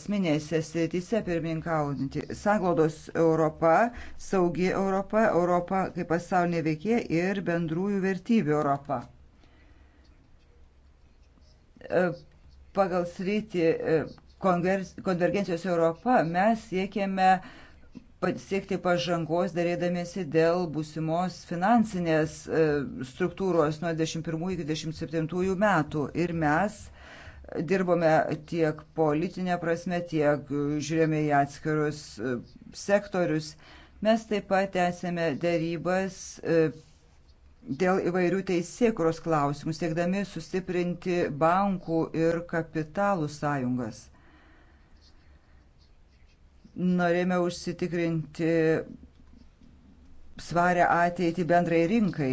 esminėse srityse pirmininkaujantį. Sanglaudos Europa, saugi Europa, Europa kaip pasaulinė veikė ir bendrųjų vertybių Europa. E, pagal sritį e, konvergencijos Europa mes siekėme pasiekti pažangos dėrėdamėsi dėl būsimos finansinės e, struktūros nuo 21 iki 27 metų. Ir mes Dirbome tiek politinė prasme, tiek žiūrėjome į atskirus e, sektorius. Mes taip pat esame dėrybas e, dėl įvairių teisėkuros klausimų, siekdami sustiprinti bankų ir kapitalų sąjungas. Norėjome užsitikrinti svarę ateitį bendrai rinkai.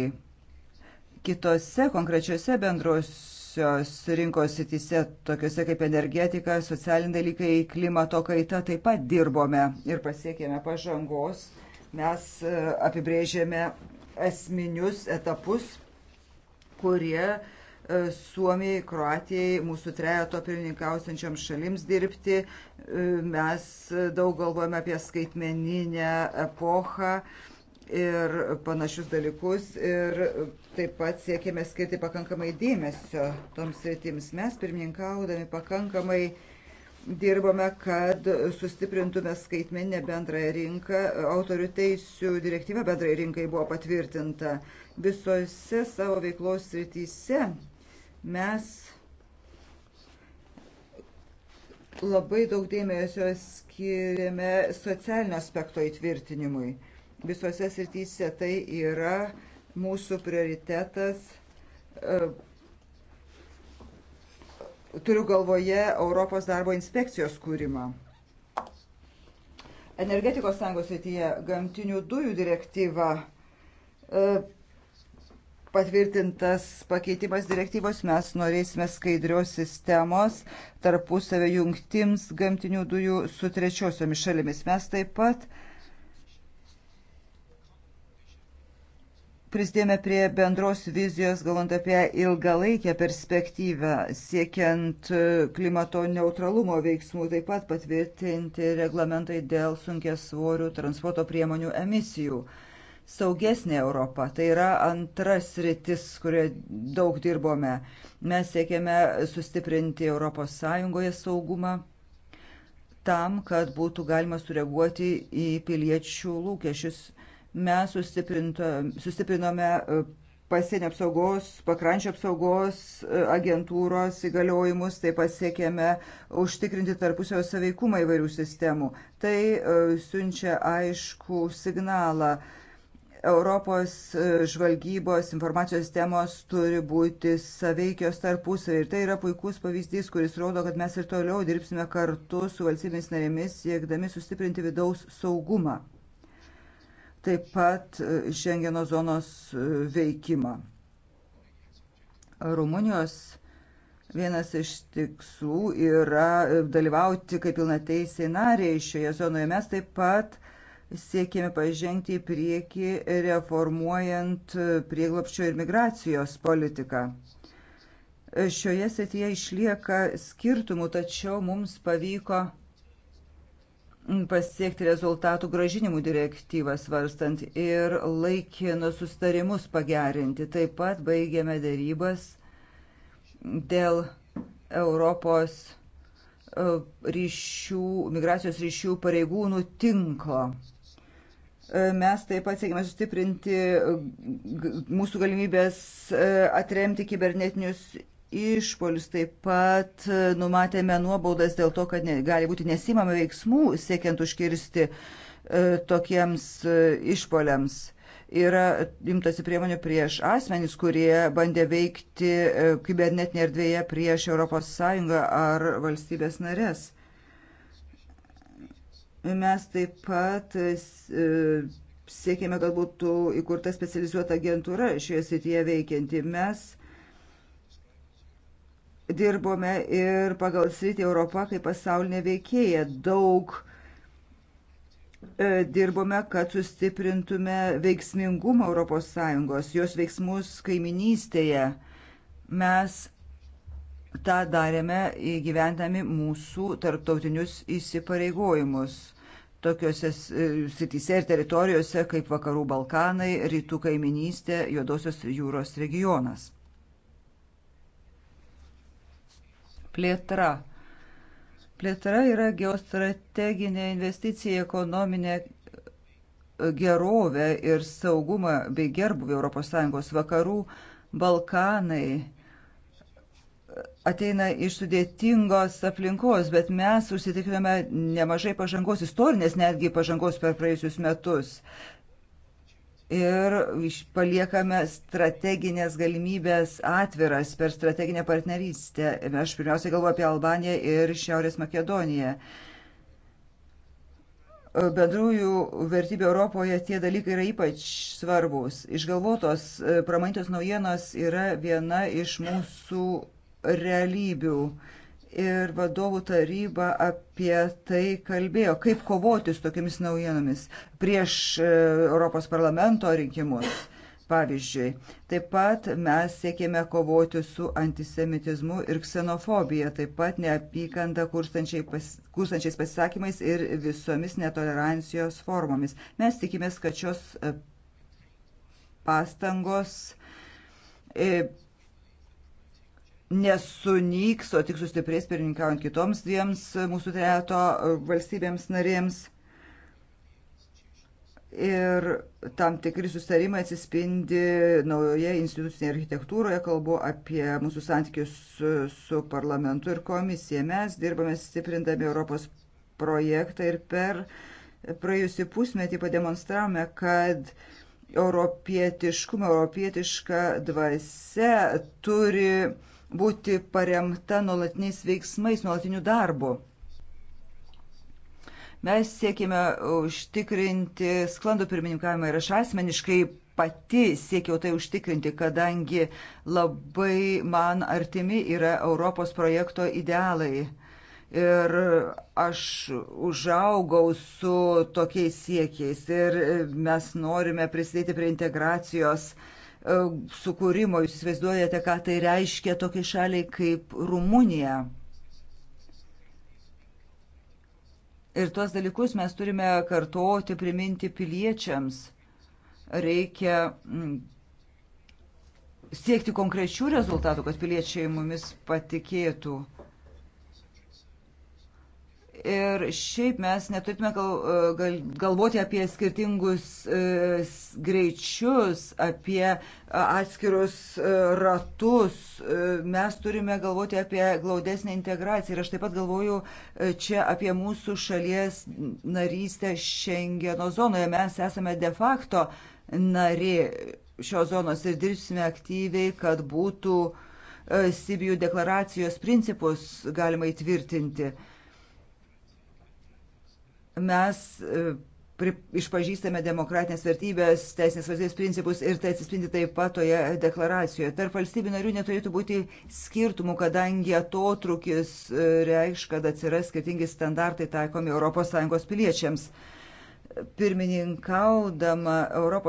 Kitose konkrečiose bendros svarbiausios rinkos sitise, tokiuose kaip energetika, socialiniai dalykai, klimato kaita, taip pat dirbome ir pasiekėme pažangos. Mes e, apibrėžėme esminius etapus, kurie e, Suomijai, Kroatijai, mūsų trejato pirmininkausiančiam šalims dirbti. E, mes daug galvojame apie skaitmeninę epochą ir panašius dalykus ir taip pat siekėme skirti pakankamai dėmesio toms sritims. Mes pirmininkaudami pakankamai dirbame, kad sustiprintume skaitmeninę bendrąją rinką. Autorių teisių direktyva bendrai rinkai buvo patvirtinta. Visose savo veiklos srityse mes labai daug dėmesio skiriame socialinio aspekto įtvirtinimui visose srityse. Tai yra mūsų prioritetas. E, turiu galvoje Europos darbo inspekcijos kūrimą. Energetikos sąjungos srityje gamtinių dujų direktyva e, patvirtintas pakeitimas direktyvos, mes norėsime skaidrios sistemos tarpusavio jungtims gamtinių dujų su trečiosiomis šalimis. Mes taip pat uh, prisidėjome prie bendros vizijos, galvant apie ilgalaikę perspektyvą, siekiant e, klimato neutralumo veiksmų, taip pat patvirtinti reglamentai dėl sunkės svorių transporto priemonių emisijų. Saugesnė Europa - tai yra antras rytis, kurioje daug dirbome. Mes siekiame sustiprinti ES saugumą tam, kad būtų galima sureaguoti į piliečių lūkesčius Mes sustiprinome e, pasienio apsaugos, pakrančio apsaugos e, agentūros įgaliojimus, taip pasiekėme užtikrinti tarpusio saveikumą įvairių sistemų. Tai e, siunčia aišku signalą. Europos žvalgybos informacijos temos turi būti saveikios tarpusavį. Ir tai yra puikus pavyzdys, kuris rodo, kad mes ir toliau dirbsime kartu su valstybės narėmis, siekdami sustiprinti vidaus saugumą taip pat e, Šengeno zonos e, veikimą. Rumunijos vienas iš tikslų yra e, dalyvauti kaip pilnateisiai nariai šioje zonoje. Mes taip pat siekėme pažengti į priekį reformuojant prieglopščio ir migracijos politiką. Šioje srityje išlieka skirtumų, tačiau mums pavyko pasiekti rezultatų gražinimų direktyvą svarstant ir laikinus sustarimus pagerinti. Taip pat baigėme darybas dėl Europos e, ryšių, migracijos ryšių pareigūnų tinklo. E, mes taip pat siekime sustiprinti mūsų galimybės e, atremti kibernetinius išpolius. Taip pat e, numatėme nuobaudas dėl to, kad ne, gali būti nesimama veiksmų siekiant užkirsti e, tokiems e, išpoliams. Yra imtasi priemonių prieš asmenys, kurie bandė veikti e, kibernetinėje erdvėje prieš ES ar valstybės narės. Mes taip pat e, e, siekėme, kad būtų įkurta specializuota agentūra šioje srityje veikianti. Mes dirbome ir pagal sritį Europą kaip pasaulinė veikėja. Daug e, dirbome, kad sustiprintume veiksmingumą ES, jos veiksmus kaiminystėje. Mes tą darėme įgyvendami mūsų tarptautinius įsipareigojimus tokiuose e, srityse ir teritorijose kaip Vakarų Balkanai, Rytų kaiminystė, Juodosios jūros regionas. plėtra. Plėtra yra geostrateginė investicija ekonominė gerovę ir saugumą bei gerbuvį ES vakarų Balkanai ateina iš sudėtingos aplinkos, bet mes užsitikrinome nemažai pažangos, istorinės netgi pažangos per praėjusius metus ir paliekame strateginės galimybės atviras per strateginę partnerystę. Aš pirmiausiai galvoju apie Albaniją ir Šiaurės Makedoniją. Bendrųjų vertybių Europoje tie dalykai yra ypač svarbus. Išgalvotos pramanytos naujienos yra viena iš mūsų realybių ir vadovų taryba apie tai kalbėjo, kaip kovoti su tokiamis naujienomis prieš e, Europos parlamento rinkimus. Pavyzdžiui, taip pat mes siekėme kovoti su antisemitizmu ir ksenofobija, taip pat neapykanta kurstančiais pasisakymais ir visomis netolerancijos formomis. Mes tikimės, kad šios e, pastangos e, nesunyks, o tik sustiprės pirmininkaujant kitoms dviems mūsų trejato valstybėms narėms. Ir tam tikri sustarimai atsispindi naujoje institucinėje architektūroje, kalbu apie mūsų santykius su, su parlamentu ir komisija. Mes dirbame stiprindami Europos projektą ir per praėjusį pusmetį pademonstravome, kad europietiškumą, europietišką dvasę turi būti paremta nuolatiniais veiksmais, nuolatiniu darbu. Mes siekime užtikrinti sklandų pirmininkavimą ir aš asmeniškai pati siekiau tai užtikrinti, kadangi labai man artimi yra Europos projekto idealai. Ir aš užaugau su tokiais siekiais ir mes norime prisidėti prie integracijos uh, E, sukūrimo. Jūs įsivaizduojate, ką tai reiškia tokiai šaliai kaip Rumunija. Ir tuos dalykus mes turime kartuoti, priminti piliečiams. Reikia mm, siekti konkrečių rezultatų, kad piliečiai mumis patikėtų. Ir šiaip mes neturėtume e, galvoti apie skirtingus e, greičius, apie e, atskirus ratus. Mes turime galvoti apie glaudesnę integraciją. Ir aš taip pat galvoju čia apie mūsų šalies narystę Šengeno zonoje. Mes esame de facto nari šios zonos ir dirbsime aktyviai, kad būtų Sibijų deklaracijos principus galima įtvirtinti mes e, išpažįstame demokratinės vertybės, teisinės valstybės principus ir tai atsispindi taip pat toje deklaracijoje. Tarp valstybių narių neturėtų būti skirtumų, kadangi atotrukis e, reikš, kad atsiras skirtingi standartai taikomi ES piliečiams. Pirmininkaudama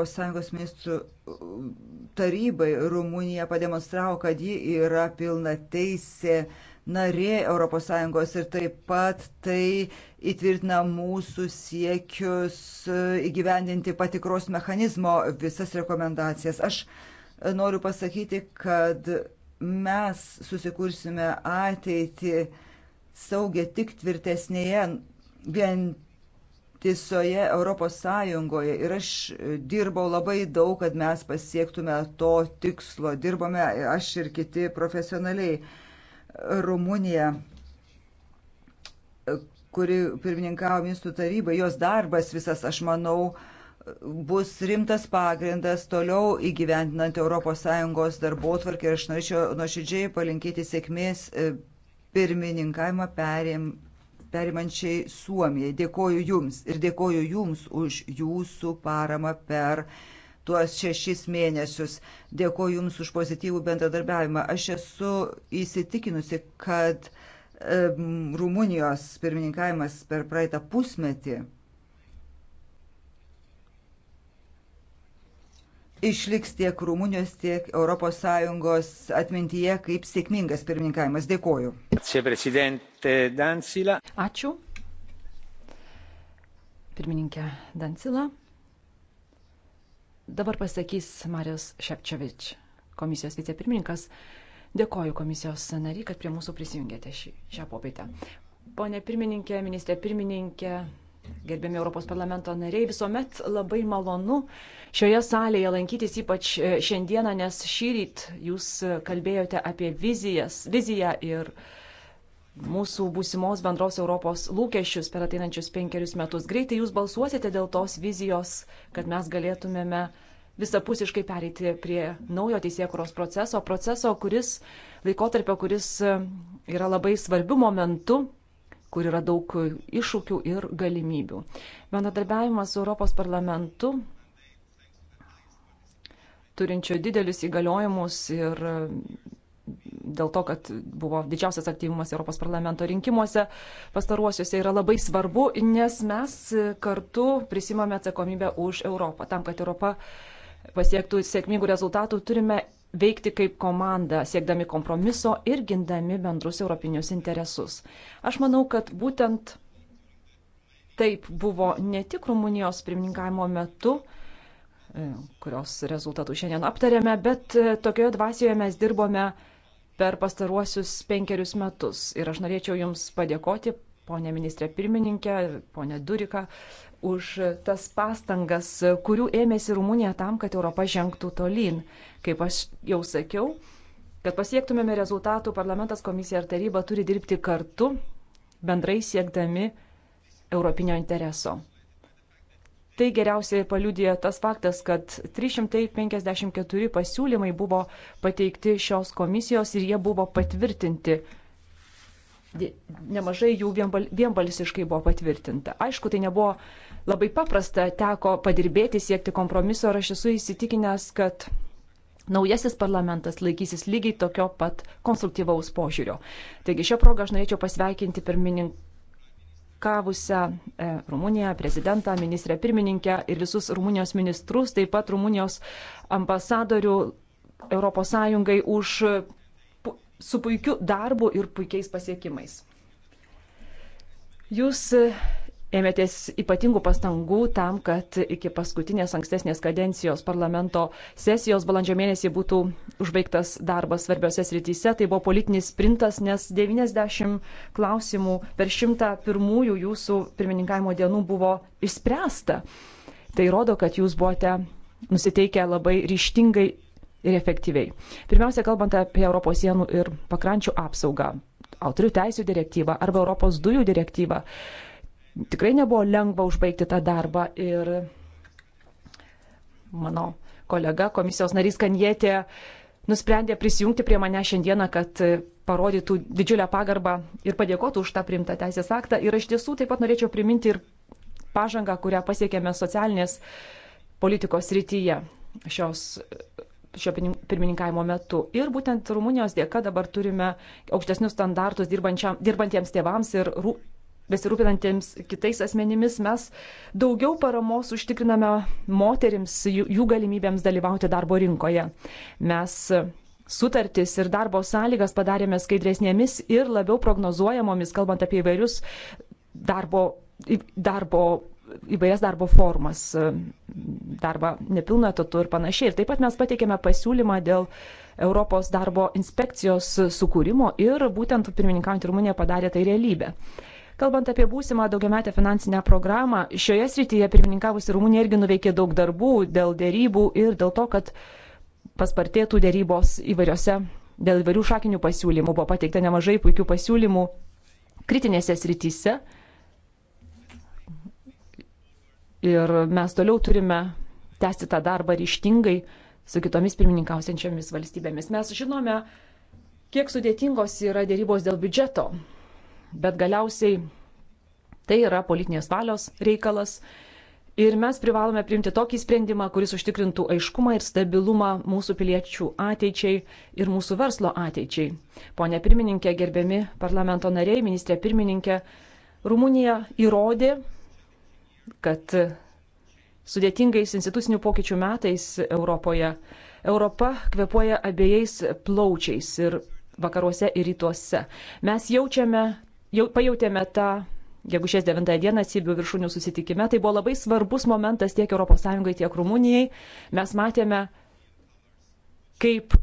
ES ministrų e, tarybai Rumunija pademonstravo, kad ji yra pilna teisė narė ES ir taip pat tai įtvirtina mūsų siekius e, įgyvendinti patikros mechanizmo visas rekomendacijas. Aš e, noriu pasakyti, kad mes susikursime ateitį saugę tik tvirtesnėje vien visoje Europos Sąjungoje ir aš dirbau labai daug, kad mes pasiektume to tikslo. Dirbome aš ir kiti profesionaliai. Rumunija, kuri pirmininkavo ministrų tarybai, jos darbas visas, aš manau, bus rimtas pagrindas toliau įgyvendinant ES darbo tvarkį ir aš norėčiau nuoširdžiai palinkėti sėkmės e, pirmininkavimą perim, perimančiai Suomijai. Dėkoju Jums ir dėkoju Jums už Jūsų paramą per uh, tuos šešis mėnesius. Dėkuoju Jums už pozityvų bendradarbiavimą. Aš esu įsitikinusi, kad Rumunijos pirmininkavimas per praeitą pusmetį išliks tiek Rumunijos, tiek ES atmintyje kaip sėkmingas pirmininkavimas. Dėkoju. Ačiū. Pirmininkė Dansila. Dabar pasakys Marijos Šepčiovič, komisijos vicepirmininkas. Dėkoju komisijos nariai, kad prie mūsų prisijungėte šį, šią popietę. Pone pirmininkė, ministrė pirmininkė, Gerbėmi Europos parlamento nariai, visuomet labai malonu šioje salėje lankytis, ypač e, šiandieną, nes šį rytą jūs kalbėjote apie vizijas, viziją ir uh, mūsų būsimos bendros Europos lūkesčius per ateinančius penkerius metus. Greitai jūs balsuosite dėl tos vizijos, kad mes galėtumėme visapusiškai pereiti prie naujo teisėkuros proceso, proceso, kuris laikotarpio, kuris e, yra labai svarbių momentų, kur yra daug iššūkių ir galimybių. Bendradarbiavimas su Europos parlamentu turinčio didelius įgaliojimus ir dėl to, kad buvo didžiausias aktyvumas Europos parlamento rinkimuose pastaruosiuose, yra labai svarbu, nes mes kartu prisimame atsakomybę už Europą. Tam, kad Europa pasiektų sėkmingų rezultatų, turime veikti kaip komanda, siekdami kompromiso ir gindami bendrus europinius interesus. Aš manau, kad būtent taip buvo ne tik Rumunijos pirmininkavimo metu, kurios rezultatų šiandien aptarėme, bet tokioje dvasioje mes dirbome per pastaruosius penkerius metus. Ir aš norėčiau Jums padėkoti, ponė ministrė pirmininkė, ponė Durika, už tas pastangas, kurių ėmėsi Rumunija tam, kad Europa žengtų tolyn. Kaip aš jau sakiau, kad pasiektumėme rezultatų, parlamentas, komisija ir taryba turi dirbti kartu, bendrai siekdami europinio intereso. Tai geriausiai paliudė tas faktas, kad 354 pasiūlymai buvo pateikti šios komisijos ir jie buvo patvirtinti. Nemažai jų vienbalsiškai buvo patvirtinta. Aišku, tai nebuvo labai paprasta, teko padirbėti, siekti kompromiso ir aš esu įsitikinęs, kad naujasis parlamentas laikysis lygiai tokio pat konstruktyvaus požiūrio. Taigi šią progą aš norėčiau pasveikinti pirmininką kavusią e, Rumuniją, prezidentą, ministrę pirmininkę ir visus Rumunijos ministrus, taip pat Rumunijos ambasadorių ES už su puikiu darbu ir puikiais pasiekimais. Jūs ėmėtės ypatingų pastangų tam, kad iki paskutinės ankstesnės kadencijos parlamento sesijos balandžio mėnesį būtų užbaigtas darbas svarbiose srityse. Tai buvo politinis sprintas, nes 90 klausimų per 100 pirmųjų jūsų pirmininkavimo dienų buvo išspręsta. Tai rodo, kad jūs buvote nusiteikę labai ryštingai ir efektyviai. Pirmiausia, kalbant apie Europos sienų ir pakrančių apsaugą, autorių teisų direktyvą arba Europos dujų direktyvą tikrai nebuvo lengva užbaigti tą darbą ir mano kolega komisijos narys Kanjetė nusprendė prisijungti prie mane šiandieną, kad parodytų didžiulę pagarbą ir padėkotų už tą primtą teisės aktą. Ir aš tiesų taip pat norėčiau priminti ir pažangą, kurią pasiekėme socialinės politikos rytyje šios, šio pirmininkavimo metu. Ir būtent Rumunijos dėka dabar turime aukštesnius standartus dirbantiems tėvams ir rū, besirūpinantiems kitais asmenimis, mes daugiau paramos užtikriname moterims jų galimybėms dalyvauti darbo rinkoje. Mes sutartis ir darbo sąlygas padarėme skaidresnėmis ir labiau prognozuojamomis, kalbant apie įvairius darbo, darbo įvairias darbo formas, darbą nepilno etatu ir panašiai. Ir taip pat mes pateikėme pasiūlymą dėl Europos darbo inspekcijos sukūrimo ir būtent pirmininkaujant Rumunija padarė tai realybę. Uh, Kalbant apie būsimą daugiametę finansinę programą, šioje srityje pirmininkavusi Rumunija irgi nuveikė daug darbų dėl dėrybų ir dėl to, kad paspartėtų dėrybos įvairiose, dėl įvairių šakinių pasiūlymų. Buvo pateikta nemažai puikių pasiūlymų kritinėse srityse. Ir mes toliau turime tęsti tą darbą ryštingai su kitomis pirmininkausiančiomis valstybėmis. Mes žinome, kiek sudėtingos yra dėrybos dėl biudžeto bet galiausiai tai yra politinės valios reikalas. Ir mes privalome priimti tokį sprendimą, kuris užtikrintų aiškumą ir stabilumą mūsų piliečių ateičiai ir mūsų verslo ateičiai. Pone pirmininkė, gerbiami parlamento nariai, ministrė pirmininkė, Rumunija įrodė, kad sudėtingais institucinių pokyčių metais Europoje Europa kvepuoja abiejais plaučiais ir vakaruose ir rytuose. Mes jaučiame jau pajutėme tą, jeigu šias 9 dieną Sibių viršūnių susitikime, tai buvo labai svarbus momentas tiek ES, tiek Rumunijai. Mes matėme, kaip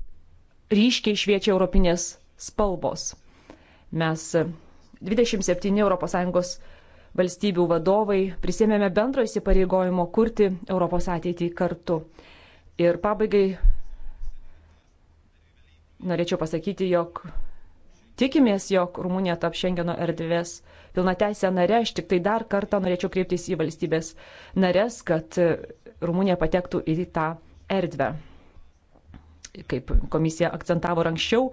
ryškiai šviečia europinės spalvos. Mes 27 ES valstybių vadovai prisėmėme bendro įsipareigojimo kurti Europos ateitį kartu. Ir pabaigai norėčiau pasakyti, jog Tikimės, jog Rumunija tap Šengeno erdvės pilna teisė nare. Aš tik tai dar kartą norėčiau kreiptis į valstybės nares, kad Rumunija patektų į tą erdvę. Kaip komisija akcentavo anksčiau,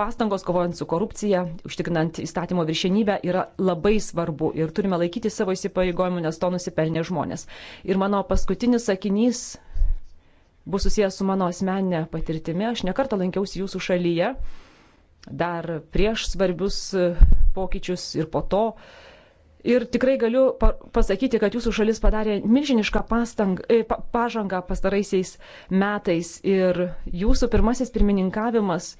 pastangos kovojant su korupcija, užtikrinant įstatymo viršenybę yra labai svarbu ir turime laikyti savo įsipareigojimų, nes to nusipelnė žmonės. Ir mano paskutinis sakinys bus susijęs su mano asmeninė patirtimi. Aš nekartą lankiausi jūsų šalyje dar prieš svarbius e, pokyčius ir po to. Ir tikrai galiu pasakyti, kad jūsų šalis padarė milžinišką pastang, e, pažangą pastaraisiais metais ir jūsų pirmasis pirmininkavimas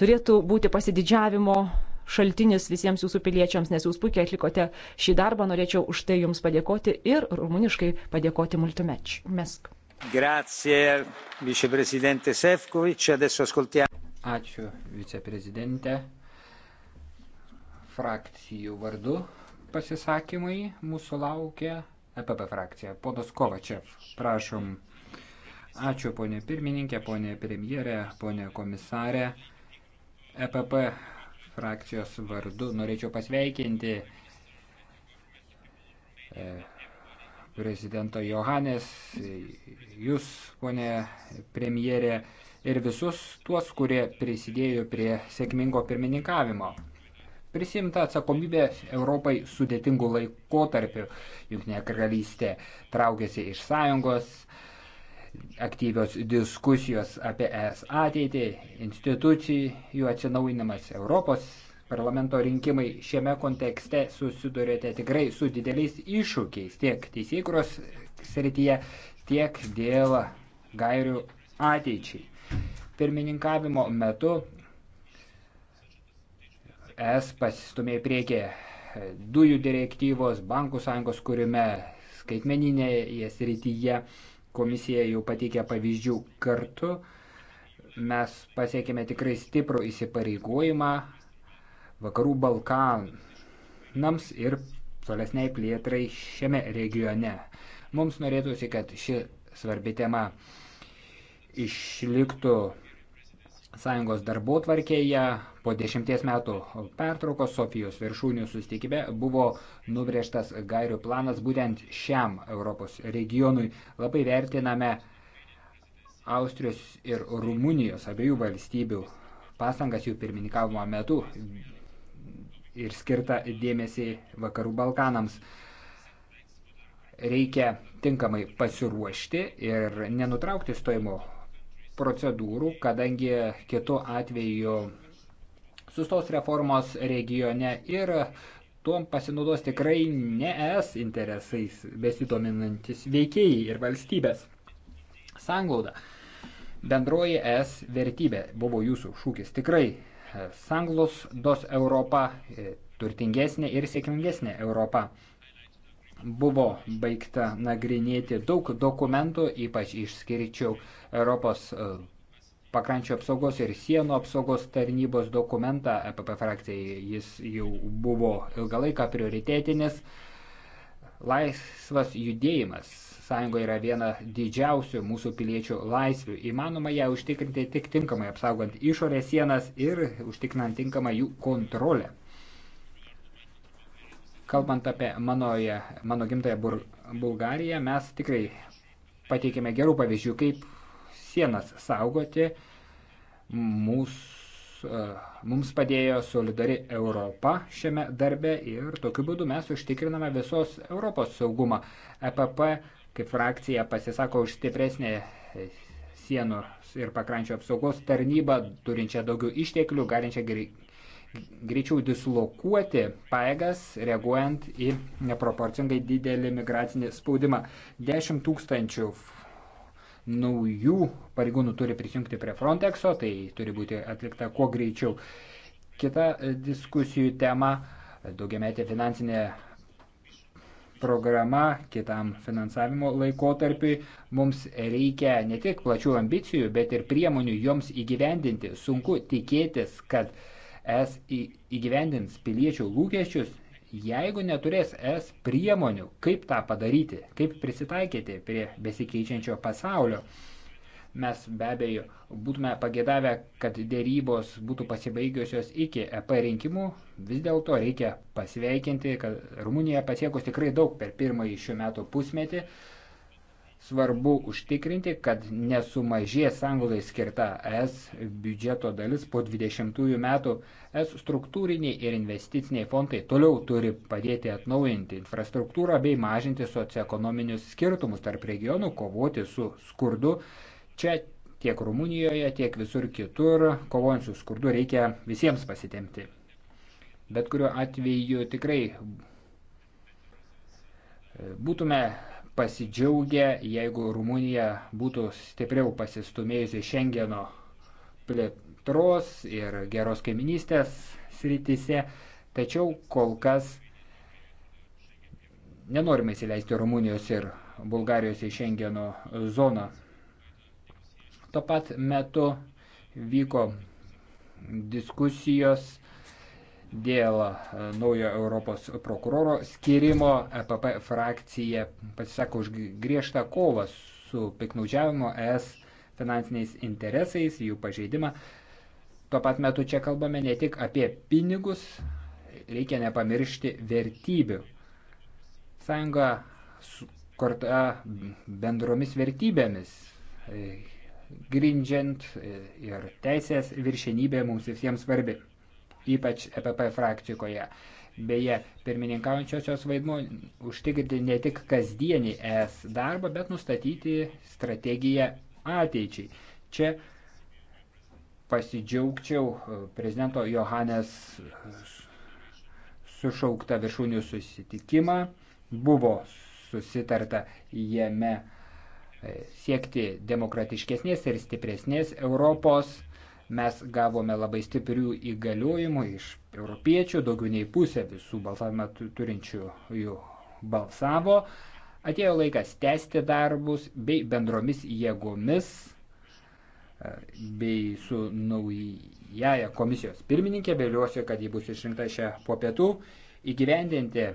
turėtų būti pasididžiavimo šaltinis visiems jūsų piliečiams, nes jūs puikiai atlikote šį darbą. Norėčiau už tai jums padėkoti ir rumuniškai padėkoti Multumeč. Mesk. Grazie, viceprezidente Sefkovič. Adesso ascoltiamo. Ačiū viceprezidente. Frakcijų vardu pasisakymai mūsų laukia EPP frakcija. Podas Kovačev, prašom. Ačiū ponė pirmininkė, ponė premjerė, ponė komisarė. EPP frakcijos vardu norėčiau pasveikinti e, prezidento Johanės, jūs, ponė premjerė, ir visus tuos, kurie prisidėjo prie sėkmingo pirmininkavimo. Prisimta atsakomybė Europai sudėtingų laikotarpių. Junknė karalystė traukėsi iš sąjungos, aktyvios diskusijos apie ES ateitį, institucijų atsinaujinimas Europos parlamento rinkimai šiame kontekste susidurėte tikrai su dideliais iššūkiais tiek teisėkuros srityje, tiek dėl gairių ateičiai. Pirmininkavimo metu es pasistumė į priekį dujų direktyvos, bankų sąjungos kūrime, skaitmeninėje srityje. Komisija jau pateikė pavyzdžių kartu. Mes pasiekėme tikrai stiprų įsipareigojimą vakarų Balkanams ir tolesniai plėtrai šiame regione. Mums norėtųsi, kad ši svarbi tema išliktų sąjungos darbo tvarkėje po dešimties metų pertraukos Sofijos viršūnių sustikime buvo nubrėžtas gairių planas būtent šiam Europos regionui. Labai vertiname Austrijos ir Rumunijos abiejų valstybių pastangas jų pirmininkavimo metu ir skirta dėmesį vakarų Balkanams. Reikia tinkamai pasiruošti ir nenutraukti stojimo procedūrų, kadangi kitu atveju sustos reformos regione ir tuom pasinaudos tikrai ne es interesais besidominantis veikėjai ir valstybės. Sanglauda. Bendroji es vertybė buvo jūsų šūkis. Tikrai e, sanglos dos Europa, e, turtingesnė ir sėkmingesnė Europa buvo baigta nagrinėti daug dokumentų, ypač išskirčiau Europos e, pakrančio apsaugos ir sienų apsaugos tarnybos dokumentą, EPP frakcijai jis jau buvo ilgą laiką prioritėtinis. Laisvas judėjimas sąjungoje yra viena didžiausių mūsų piliečių laisvių. Įmanoma ją užtikrinti tik tinkamai apsaugant išorės sienas ir užtikrinant tinkamą jų kontrolę. Kalbant apie manoje, mano gimtąją Bur Bulgariją, mes tikrai pateikėme gerų pavyzdžių, kaip sienas saugoti. Mūsų, e, mums padėjo solidari Europa šiame darbe ir tokiu būdu mes užtikriname visos Europos saugumą. EPP kaip frakcija pasisako už stipresnę sienų ir pakrančio apsaugos tarnybą, turinčią daugiau išteklių, galinčią greičiau dislokuoti paėgas, reaguojant į neproporcingai didelį migracinį spaudimą. 10 tūkstančių naujų pareigūnų turi prisijungti prie Frontexo, tai turi būti atlikta kuo greičiau. Kita e, diskusijų tema - daugiametė finansinė programa kitam finansavimo laikotarpiui. Mums reikia ne tik plačių ambicijų, bet ir priemonių joms įgyvendinti. Sunku tikėtis, kad uh, es įgyvendins piliečių lūkesčius, jeigu neturės es priemonių, kaip tą padaryti, kaip prisitaikyti prie besikeičiančio pasaulio. Mes be abejo būtume pagėdavę, kad dėrybos būtų pasibaigiusios iki EP rinkimų, vis dėlto reikia pasveikinti, kad Rumunija pasiekus tikrai daug per pirmąjį šių metų pusmetį, Svarbu užtikrinti, kad nesumažės Anglijai skirta ES biudžeto dalis po 20 metų. ES struktūriniai ir investiciniai fondai toliau turi padėti atnaujinti infrastruktūrą bei mažinti socioekonominius skirtumus tarp regionų, kovoti su skurdu. Čia tiek Rumunijoje, tiek visur kitur, kovojant su skurdu, reikia visiems pasitemti. Bet kuriuo atveju tikrai būtume pasidžiaugę, jeigu Rumunija būtų stipriau pasistumėjusi Šengeno plėtros ir geros kaiminystės sritise, tačiau kol kas nenorime įsileisti Rumunijos ir Bulgarijos į Šengeno zoną. Tuo pat metu vyko diskusijos dėl e, naujo Europos prokuroro skirimo EPP frakcija pasisako už griežtą kovą su piknaudžiavimo ES finansiniais interesais, jų pažeidimą. Tuo pat metu čia kalbame ne tik apie pinigus, reikia nepamiršti vertybių. Sąjunga kurta bendromis vertybėmis, e, grindžiant e, ir teisės viršenybė mums visiems svarbi ypač EPP frakcijoje. Beje, pirmininkaujančiosios vaidmuo užtikrinti ne tik kasdienį ES darbą, bet nustatyti strategiją ateičiai. Čia pasidžiaugčiau e, prezidento Johannes sušauktą viršūnių susitikimą. Buvo susitarta jame e, siekti demokratiškesnės ir stipresnės Europos. Mes gavome labai stiprių įgaliojimų iš europiečių, daugiau nei pusė visų balsavimą turinčių jų balsavo. Atėjo laikas tęsti darbus bei bendromis jėgomis e, bei su naujaja komisijos pirmininkė, vėliuosi, kad ji bus išrinkta šią popietų, įgyvendinti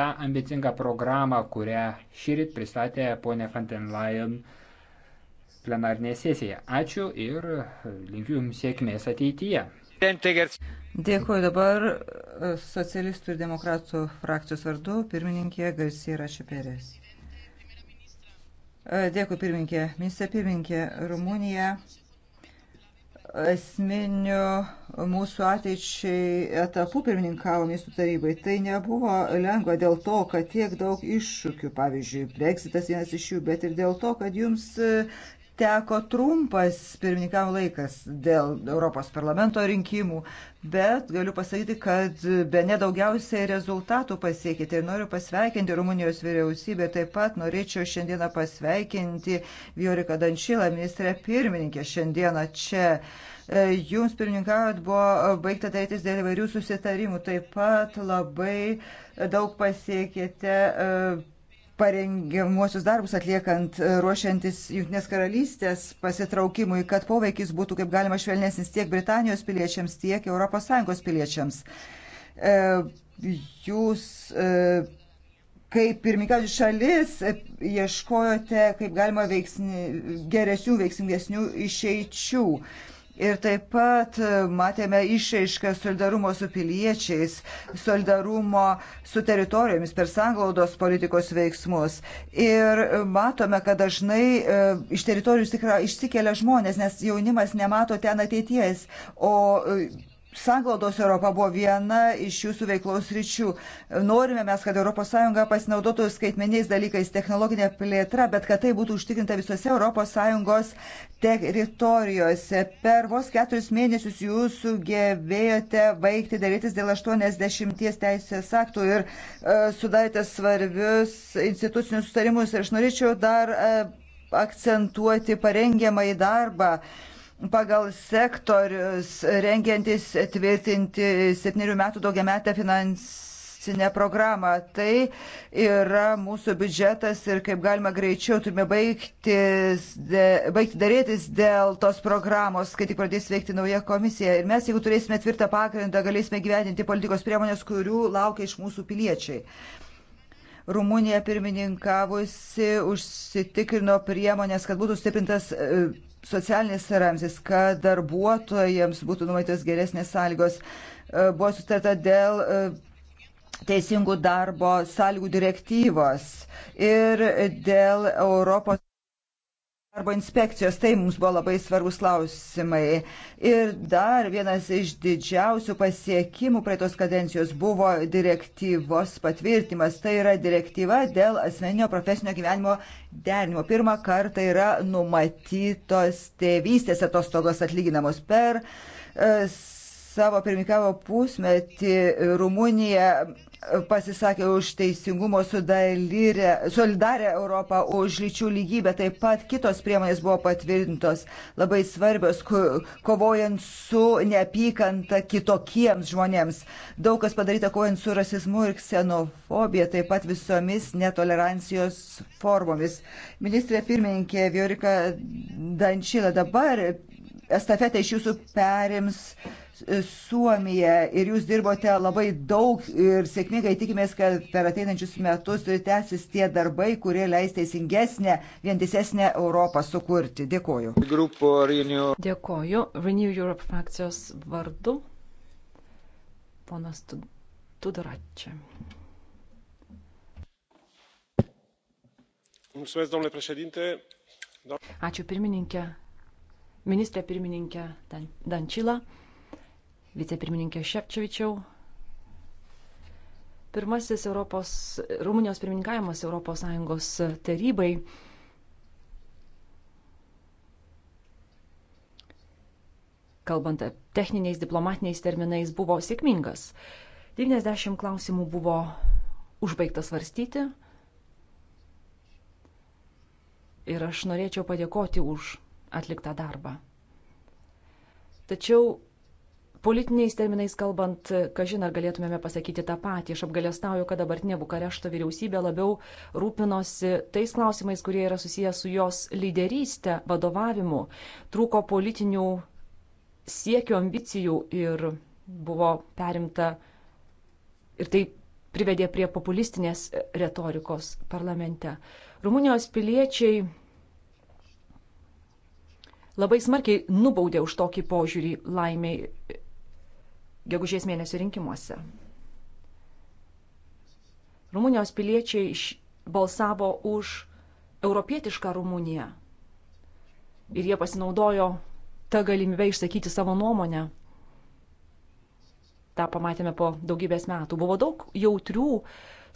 tą ambicingą programą, kurią šįryt pristatė ponė Fantenlajen Leyen plenarnėje sesijoje. Ačiū ir linkiu Jums sėkmės ateityje. Dėkuoju dabar socialistų ir demokratų frakcijos vardu pirmininkė Garsija Rašipėrės. Dėkui pirmininkė. Ministrė pirmininkė, Rumunija esminių mūsų ateičiai etapų pirmininkavom į sutarybai. Tai nebuvo lengva dėl to, kad tiek daug iššūkių, pavyzdžiui, Brexitas vienas iš jų, bet ir dėl to, kad jums teko trumpas pirmininkam laikas dėl Europos parlamento rinkimų, bet galiu pasakyti, kad be nedaugiausiai rezultatų pasiekite ir noriu pasveikinti Rumunijos vyriausybę. Taip pat norėčiau šiandieną pasveikinti Vioriką Dančylą, ministrę pirmininkę šiandieną čia. E, jums pirmininkavot buvo baigta darytis dėl įvairių susitarimų. Taip pat labai daug pasiekėte e, parengiamuosius darbus atliekant, e, ruošiantis Junktinės karalystės pasitraukimui, kad poveikis būtų kaip galima švelnesnis tiek Britanijos piliečiams, tiek ES piliečiams. E, jūs e, kaip pirmininkaujantis šalis ieškojote kaip galima veiksni, geresnių, veiksmingesnių išeičių. Ir taip pat e, matėme išaišką solidarumo su piliečiais, solidarumo su teritorijomis per sanglaudos politikos veiksmus. Ir e, matome, kad dažnai e, iš teritorijų išsikelia žmonės, nes jaunimas nemato ten ateities. O Sanglaudos Europa buvo viena iš jūsų veiklos ryčių. Norime mes, kad ES pasinaudotų skaitmeniais dalykais technologinė plėtra, bet kad tai būtų užtikrinta visose ES teritorijose. Per vos keturis mėnesius jūs sugebėjote baigti darytis dėl 80 teisės aktų ir e, sudarėte svarbius institucinius sustarimus. Ir aš norėčiau dar e, akcentuoti parengiamą į darbą. E, pagal sektorius rengiantis tvirtinti septynių metų daugiametę finansinę programą. Tai yra mūsų biudžetas ir kaip galima greičiau turime baigtis, de, baigti darytis dėl tos programos, kai tik pradės veikti nauja komisija. Ir mes, jeigu turėsime tvirtą pagrindą, galėsime gyveninti politikos priemonės, kurių laukia iš mūsų piliečiai. Rumunija pirmininkavusi užsitikrino priemonės, kad būtų stiprintas e, socialinis ramsis, kad darbuotojams būtų numatytos geresnės sąlygos. E, buvo sutarta dėl e, teisingų darbo sąlygų direktyvos ir dėl Europos Darbo inspekcijos, tai mums buvo labai svarbus klausimai. Ir dar vienas iš didžiausių pasiekimų praeitos kadencijos buvo direktyvos patvirtimas. Tai yra direktyva dėl asmeninio profesinio gyvenimo derinimo. Pirmą kartą yra numatytos tėvystės atostogos atlyginamos per e, savo pirmikavo pusmetį Rumunija pasisakė už teisingumo sudalyrę, solidarę Europą, už lyčių lygybę. Taip pat kitos priemonės buvo patvirtintos labai svarbios, kovojant su neapykanta kitokiems žmonėms. Daug kas padaryta kovojant su rasizmu ir ksenofobija, taip pat visomis netolerancijos formomis. Ministrė pirmininkė Viorika Dančila dabar estafetę iš jūsų perims. Suomija ir jūs dirbote labai daug ir sėkmingai tikimės, kad per ateinančius metus tęsis tie darbai, kurie leis teisingesnę, vientisesnę Europą sukurti. Dėkoju. Renew... Dėkoju. Renew Europe frakcijos vardu. Ponas Tudoračia. domnule președinte ačiū pirmininke ministre pirmininke dančila vicepirmininkė Šepčiovičiau. Pirmasis Europos, Rumunijos pirmininkavimas ES tarybai kalbant techniniais diplomatiniais terminais, buvo sėkmingas. 90 klausimų buvo užbaigta svarstyti. Ir aš norėčiau padėkoti už atliktą darbą. Tačiau Politiniais terminais kalbant, kažin ar galėtumėme pasakyti tą patį. Aš apgalėstauju, kad dabartinė Bukarešto vyriausybė labiau rūpinosi tais klausimais, kurie yra susijęs su jos lyderystė, vadovavimu. Trūko politinių siekių, ambicijų ir buvo perimta ir tai privedė prie populistinės retorikos parlamente. Rumunijos piliečiai labai smarkiai nubaudė už tokį požiūrį laimiai gegužės mėnesio rinkimuose. Rumunijos piliečiai balsavo už europietišką Rumuniją ir jie pasinaudojo tą galimybę išsakyti savo nuomonę. Ta pamatėme po daugybės metų. Buvo daug jautrių,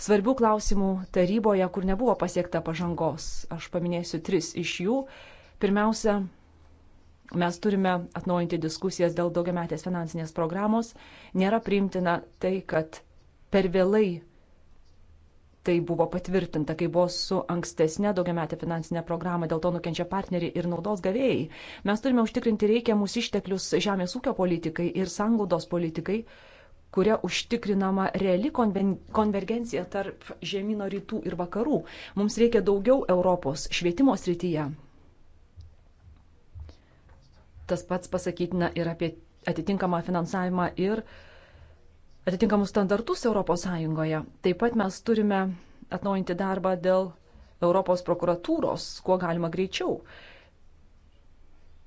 svarbių klausimų taryboje, kur nebuvo pasiekta pažangos. Aš paminėsiu tris iš jų. Pirmiausia, Mes turime atnaujinti diskusijas dėl daugiametės finansinės programos. Nėra priimtina tai, kad per vėlai tai buvo patvirtinta, kai buvo su ankstesnė daugiametė finansinė programa, dėl to nukenčia partneriai ir naudos gavėjai. Mes turime užtikrinti reikiamus išteklius žemės ūkio politikai ir sanglaudos politikai, kuria užtikrinama reali konvergencija tarp žemynų rytų ir vakarų. Mums reikia daugiau Europos švietimo srityje, Tas pats pasakytina ir apie atitinkamą finansavimą ir atitinkamus standartus ES. Taip pat mes turime atnaujinti darbą dėl Europos prokuratūros, kuo galima greičiau.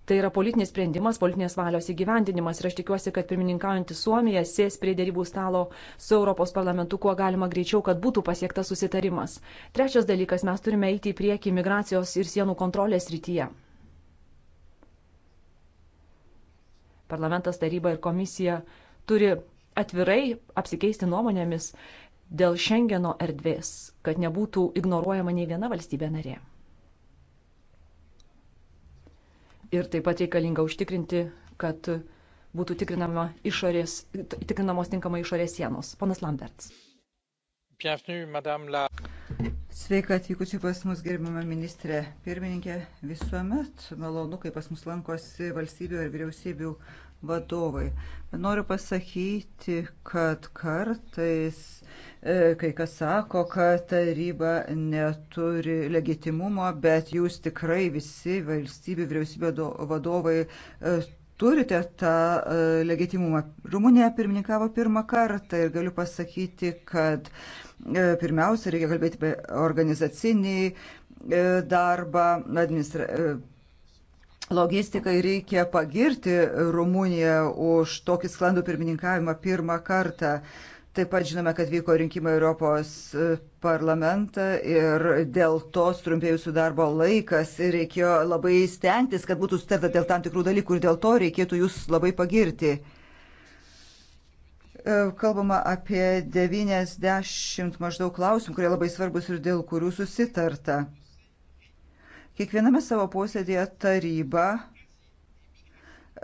Tai yra politinis sprendimas, politinės valios įgyvendinimas ir aš tikiuosi, kad pirmininkaujantį Suomiją sės prie dėrybų stalo su Europos parlamentu, kuo galima greičiau, kad būtų pasiektas susitarimas. Trečias dalykas, mes turime eiti į priekį migracijos ir sienų kontrolės rytyje. Parlamentas, taryba ir komisija turi atvirai apsikeisti nuomonėmis dėl Šengeno erdvės, kad nebūtų ignoruojama nei viena valstybė narė. Ir taip pat reikalinga užtikrinti, kad būtų tikrinama išorės, tikrinamos tinkamai išorės sienos. Ponas Lamberts. Bienvenue, madame la. Sveika atvykusi pas mus gerbama ministrė pirmininkė. Visuomet malonu, kai pas mus lankosi valstybių ir vyriausybių vadovai. Noriu pasakyti, kad kartais e, kai kas sako, kad taryba neturi legitimumo, bet jūs tikrai visi valstybių vyriausybių vadovai e, turite tą e, legitimumą. Rumunija pirmininkavo pirmą kartą ir galiu pasakyti, kad e, pirmiausia reikia kalbėti apie organizacinį e, darbą, administra... logistikai reikia pagirti Rumuniją už tokį sklandų pirmininkavimą pirmą kartą. Taip pat žinome, kad vyko rinkimai Europos e, parlamentą ir dėl to trumpėjusių darbo laikas ir reikėjo labai stengtis, kad būtų sutarta dėl tam tikrų dalykų ir dėl to reikėtų jūs labai pagirti. E, kalbama apie 90 maždaug klausimų, kurie labai svarbus ir dėl kurių susitarta. Kiekviename savo posėdėje taryba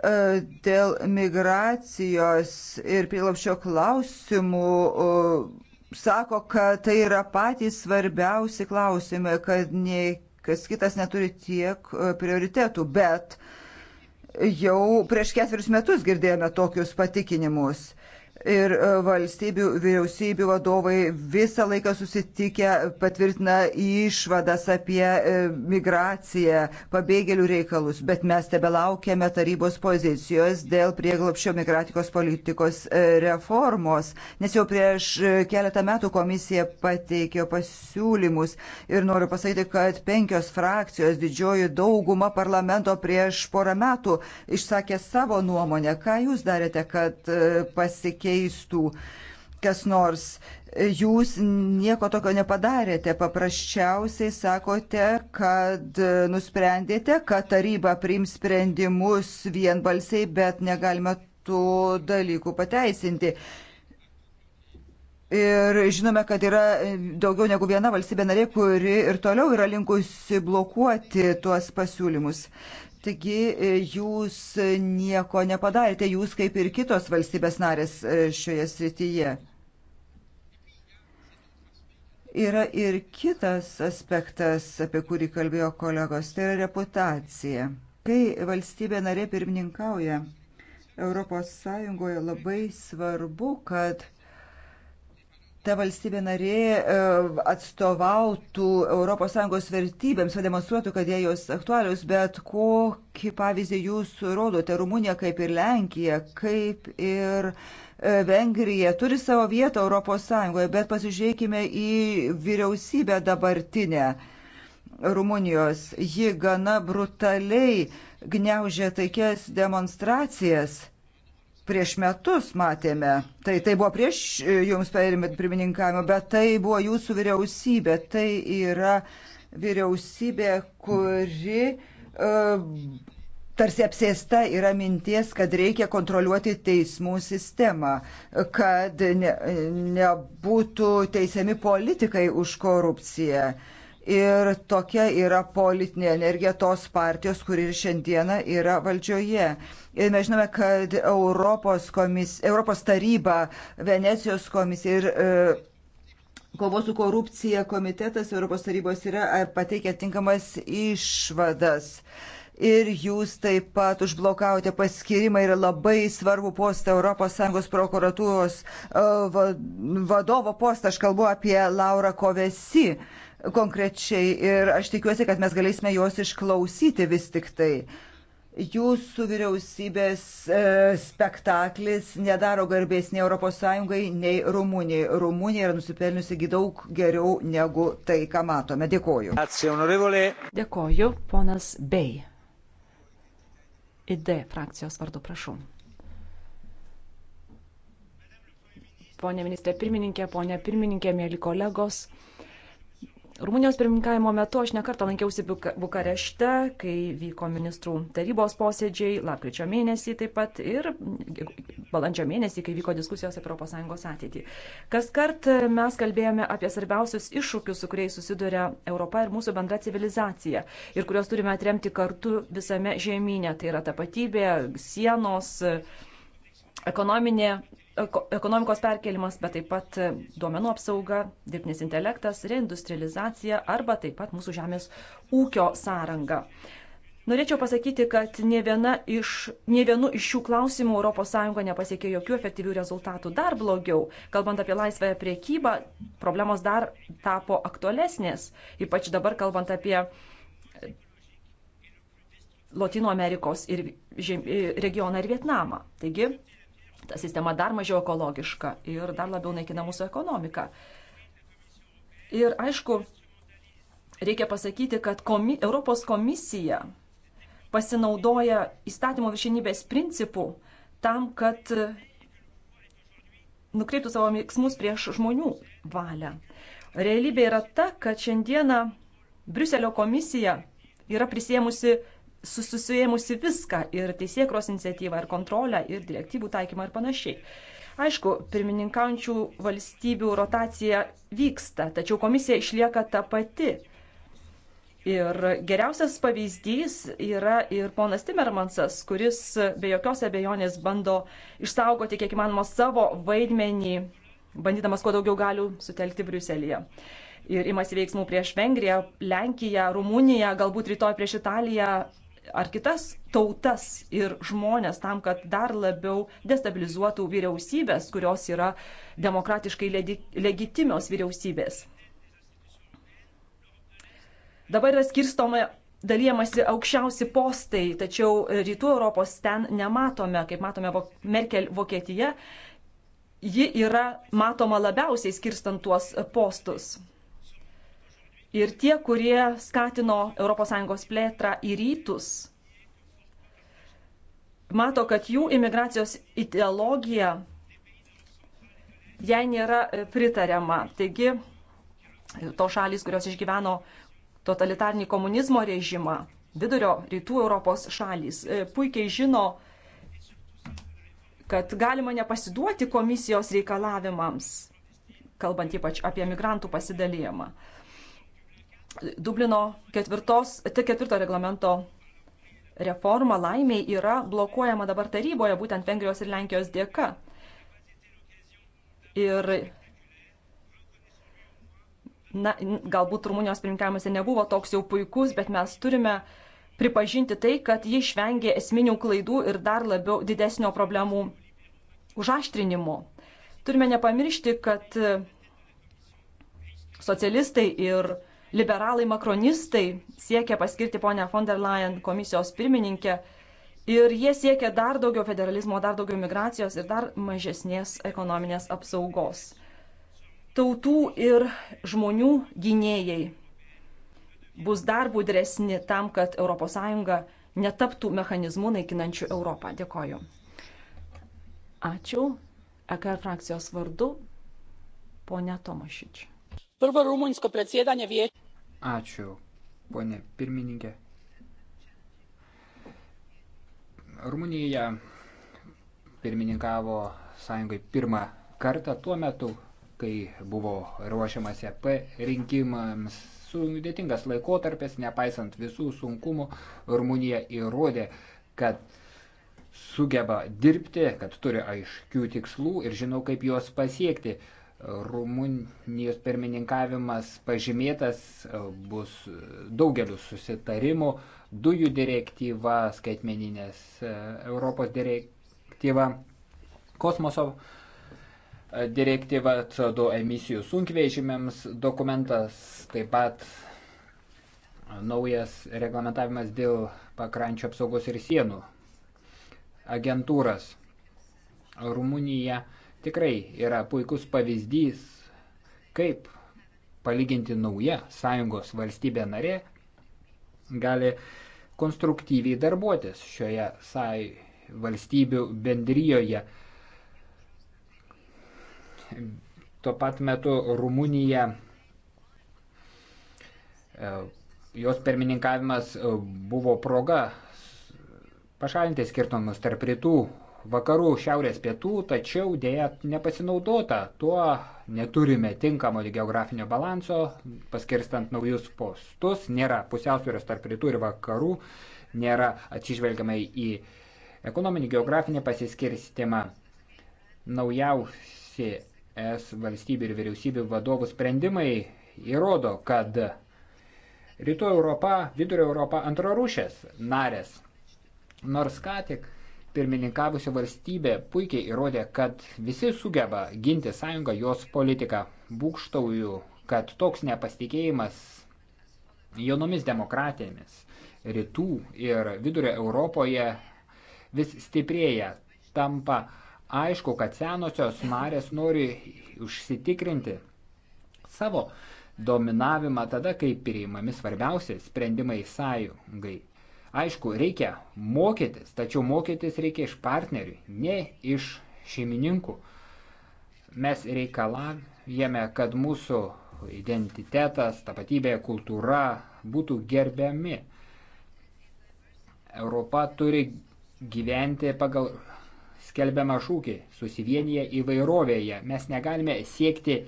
E, dėl migracijos ir prilapšio klausimų sako, kad tai yra patys svarbiausi klausimai, kad nei kas kitas neturi tiek e, prioritetų, bet jau prieš ketverius metus girdėjome tokius patikinimus ir e, valstybių vyriausybių vadovai visą laiką susitikę patvirtina išvadas apie e, migraciją, pabėgėlių reikalus, bet mes tebe laukiame tarybos pozicijos dėl prieglopščio migratikos politikos e, reformos, nes jau prieš keletą metų komisija pateikė pasiūlymus ir noriu pasakyti, kad penkios frakcijos didžioji dauguma parlamento prieš porą metų išsakė savo nuomonę, ką jūs darėte, kad pasikė pakeistų kas nors. Jūs nieko tokio nepadarėte, paprasčiausiai sakote, kad nusprendėte, kad taryba priims sprendimus vienbalsiai, bet negalime tų dalykų pateisinti. Ir žinome, kad yra daugiau negu viena valstybė narė, kuri ir toliau yra linkusi blokuoti tuos pasiūlymus. Taigi e, jūs nieko nepadarėte, jūs kaip ir kitos valstybės narės e, šioje srityje. Yra ir kitas aspektas, apie kurį kalbėjo kolegos, tai yra reputacija. Kai valstybė narė pirmininkauja Europos Sąjungoje, labai svarbu, kad ta valstybė narė e, atstovautų ES vertybėms, pademonstruotų, kad jie jos aktualios, bet kokį pavyzdį jūs rodote Rumunija kaip ir Lenkija, kaip ir e, Vengrija turi savo vietą ES, bet pasižiūrėkime į vyriausybę dabartinę. Rumunijos. Ji gana brutaliai gniaužė taikės demonstracijas prieš metus matėme. Tai, tai buvo prieš e, jums perimėt pirmininkavimą, bet tai buvo jūsų vyriausybė. Tai yra vyriausybė, kuri uh, tarsi apsėsta yra minties, kad reikia kontroliuoti teismų sistemą, kad ne, e, nebūtų teisiami politikai už korupciją. Uh, Ir tokia yra politinė energija tos partijos, kuri ir šiandieną yra valdžioje. Ir mes žinome, kad Europos, komis, Europos taryba, Venecijos komisija ir e, kovos su korupcija komitetas Europos tarybos yra e, pateikę tinkamas išvadas. E, ir jūs taip pat užblokavote paskirimą ir labai svarbu postą ES prokuratūros e, vadovo postą. Aš kalbu apie Laurą Kovesi konkrečiai ir aš tikiuosi, kad mes galėsime juos išklausyti vis tik tai jūsų vyriausybės e, spektaklis nedaro garbės nei ES, nei Rumunijai. Rumunija yra nusipelniusi daug geriau negu tai, ką matome. Dėkoju. Dėkoju, ponas Bey. ID frakcijos vardu, prašau. Pone ministrė pirmininkė, ponė pirmininkė, mėly kolegos, Rumunijos pirmininkavimo metu aš nekartą lankiausi Bukarešte, kai vyko ministrų tarybos posėdžiai, lapkričio mėnesį taip pat ir balandžio mėnesį, kai vyko diskusijos apie ES ateitį. Kas kart mes kalbėjome apie svarbiausius iššūkius, su kuriais susiduria Europa ir mūsų bendra civilizacija ir kuriuos turime atremti kartu visame žemynė. Tai yra tapatybė, sienos, ekonominė, ekonomikos perkelimas, bet taip pat duomenų apsauga, dirbtinis intelektas, reindustrializacija arba taip pat mūsų žemės ūkio sąranga. Norėčiau pasakyti, kad ne, iš, ne vienu iš šių klausimų ES nepasiekė jokių efektyvių rezultatų. Dar blogiau, kalbant apie laisvąją priekybą, problemos dar tapo aktualesnės, ypač dabar kalbant apie Latino Amerikos ir regioną ir Vietnamą. Taigi, ta sistema dar mažiau ekologiška ir dar labiau naikina mūsų ekonomiką. Ir aišku, reikia pasakyti, kad komi, Europos komisija pasinaudoja įstatymo viršinybės principų tam, kad nukreiptų savo veiksmus prieš žmonių valią. Realybė yra ta, kad šiandieną Briuselio komisija yra prisėmusi susijėmusi viską ir teisėkros iniciatyvą, ir kontrolę, ir direktyvų taikymą ir panašiai. Aišku, pirmininkaujančių valstybių rotacija vyksta, tačiau komisija išlieka ta pati. Ir geriausias pavyzdys yra ir ponas Timermansas, kuris be jokios abejonės bando išsaugoti kiek įmanoma savo vaidmenį, bandydamas kuo daugiau galių sutelkti Briuselėje. Ir imasi veiksmų prieš Vengriją, Lenkiją, Rumuniją, galbūt rytoj prieš Italiją, ar kitas tautas ir žmonės tam, kad dar labiau destabilizuotų vyriausybės, kurios yra demokratiškai legitimios vyriausybės. Dabar yra skirstoma dalyjamasi aukščiausi postai, tačiau rytų Europos ten nematome, kaip matome Merkel Vokietija, ji yra matoma labiausiai skirstant tuos postus. Ir tie, kurie skatino ES plėtrą į rytus, mato, kad jų imigracijos ideologija jai nėra e, pritariama. Taigi, to šalis, kurios išgyveno totalitarnį komunizmo režimą, vidurio rytų Europos šalis, e, puikiai žino, kad galima nepasiduoti komisijos reikalavimams, kalbant ypač apie migrantų pasidalėjimą. Dublino ketvirtos, ketvirto reglamento reforma laimiai yra blokuojama dabar taryboje, būtent Vengrijos ir Lenkijos dėka. Ir na, galbūt Rumunijos pirmininkavimas ir nebuvo toks jau puikus, bet mes turime pripažinti tai, kad ji išvengė esminių klaidų ir dar labiau didesnio problemų užaštrinimo. Turime nepamiršti, kad socialistai ir liberalai makronistai siekia paskirti ponę von der Leyen komisijos pirmininkę ir jie siekia dar daugiau federalizmo, dar daugiau migracijos ir dar mažesnės ekonominės apsaugos. Tautų ir žmonių gynėjai bus dar budresni tam, kad ES netaptų mechanizmų naikinančių Europą. Dėkoju. Ačiū. EKR er frakcijos vardu, ponia Tomašič prvo rumunjsko predsjedanje vijećem Ačiū, ponė pirmininkė. Rumunija pirmininkavo sąjungai pirmą kartą tuo metu, kai buvo ruošiamas EP rinkimams. Sudėtingas laikotarpis, nepaisant visų sunkumų, Rumunija įrodė, kad sugeba dirbti, kad turi aiškių tikslų ir žino, kaip juos pasiekti. Rumunijos pirmininkavimas pažymėtas bus daugeliu susitarimų, dujų direktyva, skaitmeninės e, Europos direktyva, kosmoso e, direktyva, CO2 emisijų sunkvežimėms dokumentas, taip pat e, naujas reglamentavimas dėl pakrančio apsaugos ir sienų agentūras. Rumunija tikrai yra puikus pavyzdys, kaip palyginti nauja sąjungos valstybė narė gali konstruktyviai darbuotis šioje sąj valstybių bendryjoje. Tuo pat metu Rumunija, e, jos pirmininkavimas buvo proga pašalinti skirtumus tarp rytų vakarų, šiaurės, pietų, tačiau dėja nepasinaudota. Tuo neturime tinkamo geografinio balanso, paskirstant naujus postus, nėra pusiausvėros tarp rytų ir vakarų, nėra atsižvelgiama į ekonominį geografinį pasiskirstimą. Naujausi es valstybių ir vyriausybių vadovų sprendimai įrodo, kad Rytų Europa, Vidurio Europa antrarūšės narės. Nors ką tik pirmininkavusi valstybė puikiai įrodė, kad visi sugeba ginti sąjungą jos politiką. Būkštauju, kad toks nepasitikėjimas jaunomis demokratijomis rytų ir vidurio Europoje vis stiprėja. Tampa aišku, kad senosios narės nori užsitikrinti savo dominavimą tada, kai priimami svarbiausi sprendimai sąjungai. Aišku, reikia mokytis, tačiau mokytis reikia iš partnerių, ne iš šeimininkų. Mes reikalavome, kad mūsų identitetas, tapatybė, kultūra būtų gerbiami. Europa turi gyventi pagal skelbiamą šūkį - susivienyje įvairovėje. Mes negalime siekti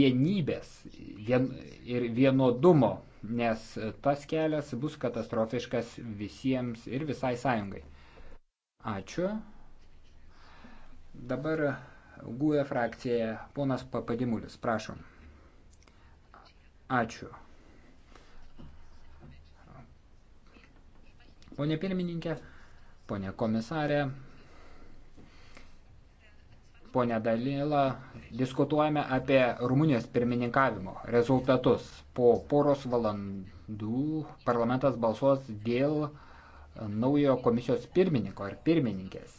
vienybės vien, ir vienodumo nes tas kelias bus katastrofiškas visiems ir visai sąjungai. Ačiū. Dabar GUE frakcija, ponas Papadimulis, prašom. Ačiū. Pone pirmininkė, pone komisarė, ponė Dalila, diskutuojame apie Rumunijos pirmininkavimo rezultatus. Po poros valandų parlamentas balsuos dėl naujo komisijos pirmininko ar pirmininkės.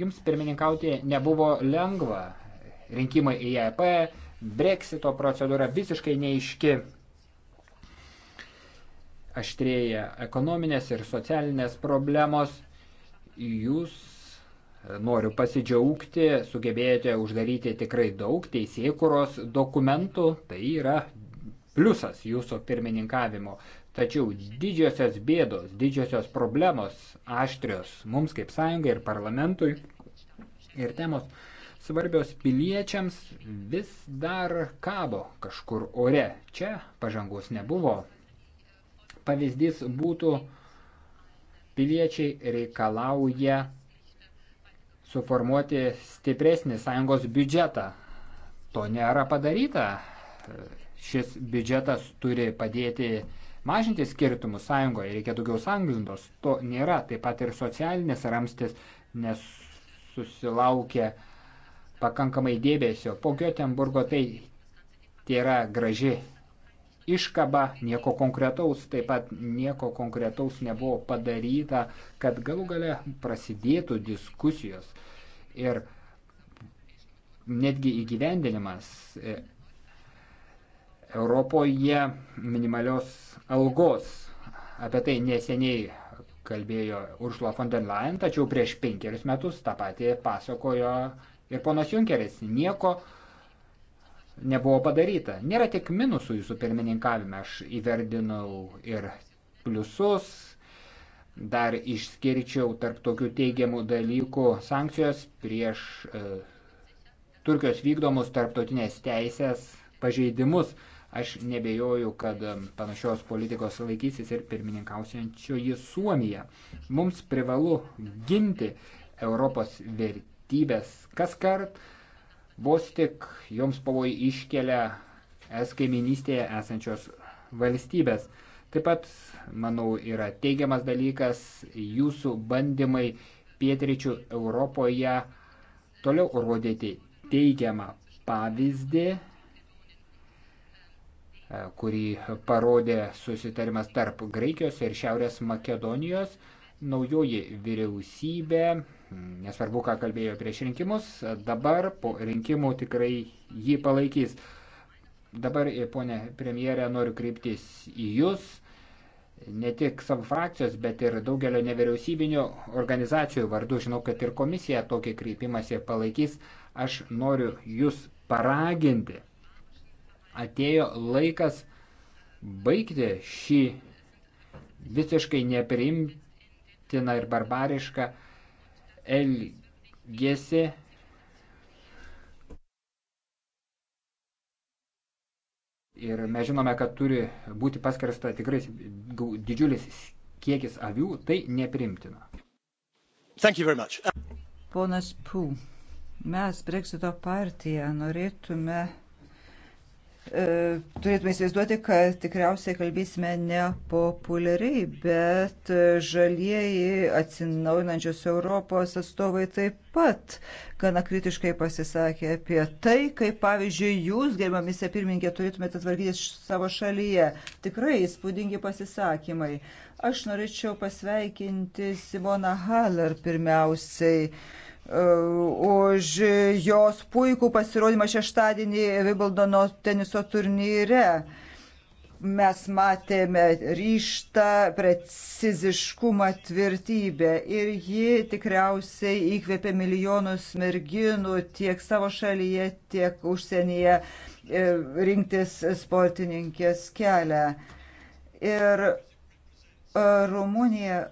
Jums pirmininkauti nebuvo lengva. Rinkimai į EP, Brexito procedūra visiškai neiški. Aštrėja ekonominės ir socialinės problemos. Jūs noriu pasidžiaugti, sugebėjote uždaryti tikrai daug teisėkuros dokumentų, tai yra pliusas jūsų pirmininkavimo. Tačiau didžiosios bėdos, didžiosios problemos aštrios mums kaip sąjungai ir parlamentui ir temos svarbios piliečiams vis dar kabo kažkur ore. Čia pažangos nebuvo. Pavyzdys būtų, piliečiai reikalauja suformuoti stipresnį sąjungos biudžetą. To nėra padaryta. Šis biudžetas turi padėti mažinti skirtumus sąjungoje, reikia daugiau sąjungos, to nėra. Taip pat ir socialinis ramstis nesusilaukia pakankamai dėmesio. Po Göteborgo tai, tai yra graži iškaba, nieko konkretaus, taip pat nieko konkretaus nebuvo padaryta, kad galų gale prasidėtų diskusijos ir netgi įgyvendinimas e, Europoje minimalios algos. Apie tai neseniai kalbėjo Uršla von der Leyen, tačiau prieš penkerius metus tą patį pasakojo ir ponas Junkeris. Nieko nebuvo padaryta. Nėra tik minusų jūsų pirmininkavime, aš įverdinau ir pliusus, dar išskirčiau tarp tokių teigiamų dalykų sankcijos prieš e, Turkijos vykdomus tarptautinės teisės pažeidimus. Aš nebejoju, kad e, panašios politikos laikysis ir pirmininkausiančioji Suomija. Mums privalu ginti Europos vertybės kas kart, Vos tik joms pavojai iškelia es kaiminystėje esančios valstybės. Taip pat, manau, yra teigiamas dalykas jūsų bandymai pietryčių Europoje toliau rodyti teigiamą pavyzdį, e, kurį parodė susitarimas tarp Graikijos ir Šiaurės Makedonijos. Naujoji vyriausybė nesvarbu, ką kalbėjo prieš rinkimus, dabar po rinkimų tikrai jį palaikys. Dabar, e, ponė premjerė, noriu kryptis į Jūs, ne tik savo frakcijos, bet ir daugelio nevyriausybinio organizacijų vardu. Žinau, kad ir komisija tokį kreipimąsi palaikys. Aš noriu Jūs paraginti. Atėjo laikas baigti šį visiškai nepriimtiną ir barbarišką elgėsi Ir mes žinome, kad turi būti paskersta tikrai didžiulis kiekis avių, tai neprimtina. Ponas Pū, mes Brexito partiją norėtume E, turėtume įsivaizduoti, kad tikriausiai kalbėsime nepopuliariai, bet žalieji atsinaujinančios Europos atstovai taip pat gana kritiškai pasisakė apie tai, kaip pavyzdžiui jūs, gerbiamise pirmininkė, turėtumėte tvarkytis savo šalyje. Tikrai įspūdingi pasisakymai. Aš norėčiau pasveikinti Simoną Haller pirmiausiai E, už jos puikų pasirodymą šeštadienį Vibaldono teniso turnyre. Mes matėme ryštą, preciziškumą, tvirtybę ir ji tikriausiai įkvėpė milijonus merginų tiek savo šalyje, tiek užsienyje e, rinktis sportininkės kelią. Ir e, Rumunija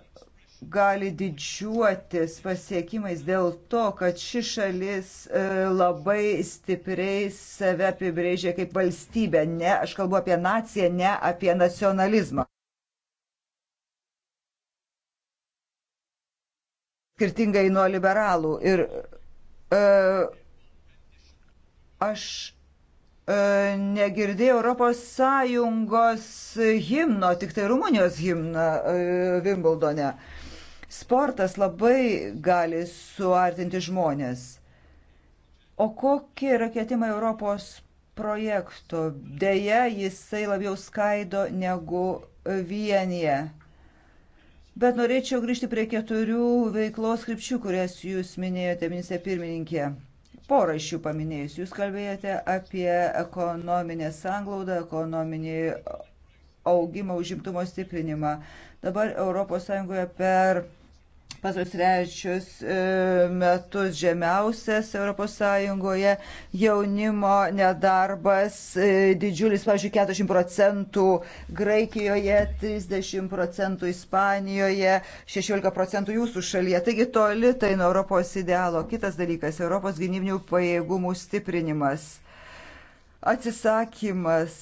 gali didžiuotis pasiekimais dėl to, kad ši šalis e, labai stipriai save apibrėžia kaip valstybę. Ne, aš kalbu apie naciją, ne apie nacionalizmą. Skirtingai nuo liberalų. Ir uh, aš e, negirdėjau Europos Sąjungos himno, tik tai Rumunijos himną Vimbaldone. Uh, Sportas labai gali suartinti žmonės. O kokie yra ketimai Europos projekto? Deja, jisai labiau skaido negu vienyje. Bet norėčiau grįžti prie keturių veiklos krypčių, kurias jūs minėjote, ministrė pirmininkė. Porą iš jų paminėjus. Jūs kalbėjote apie ekonominę sanglaudą, ekonominį augimą, užimtumo stiprinimą. Dabar ES per pasus trečius e, metus žemiausias ES, jaunimo nedarbas e, didžiulis, pavyzdžiui, 40 procentų Graikijoje, 30 procentų Ispanijoje, 16 procentų jūsų šalyje. Taigi toli tai nuo Europos idealo. Kitas dalykas - Europos gynybinių pajėgumų stiprinimas. Atsisakymas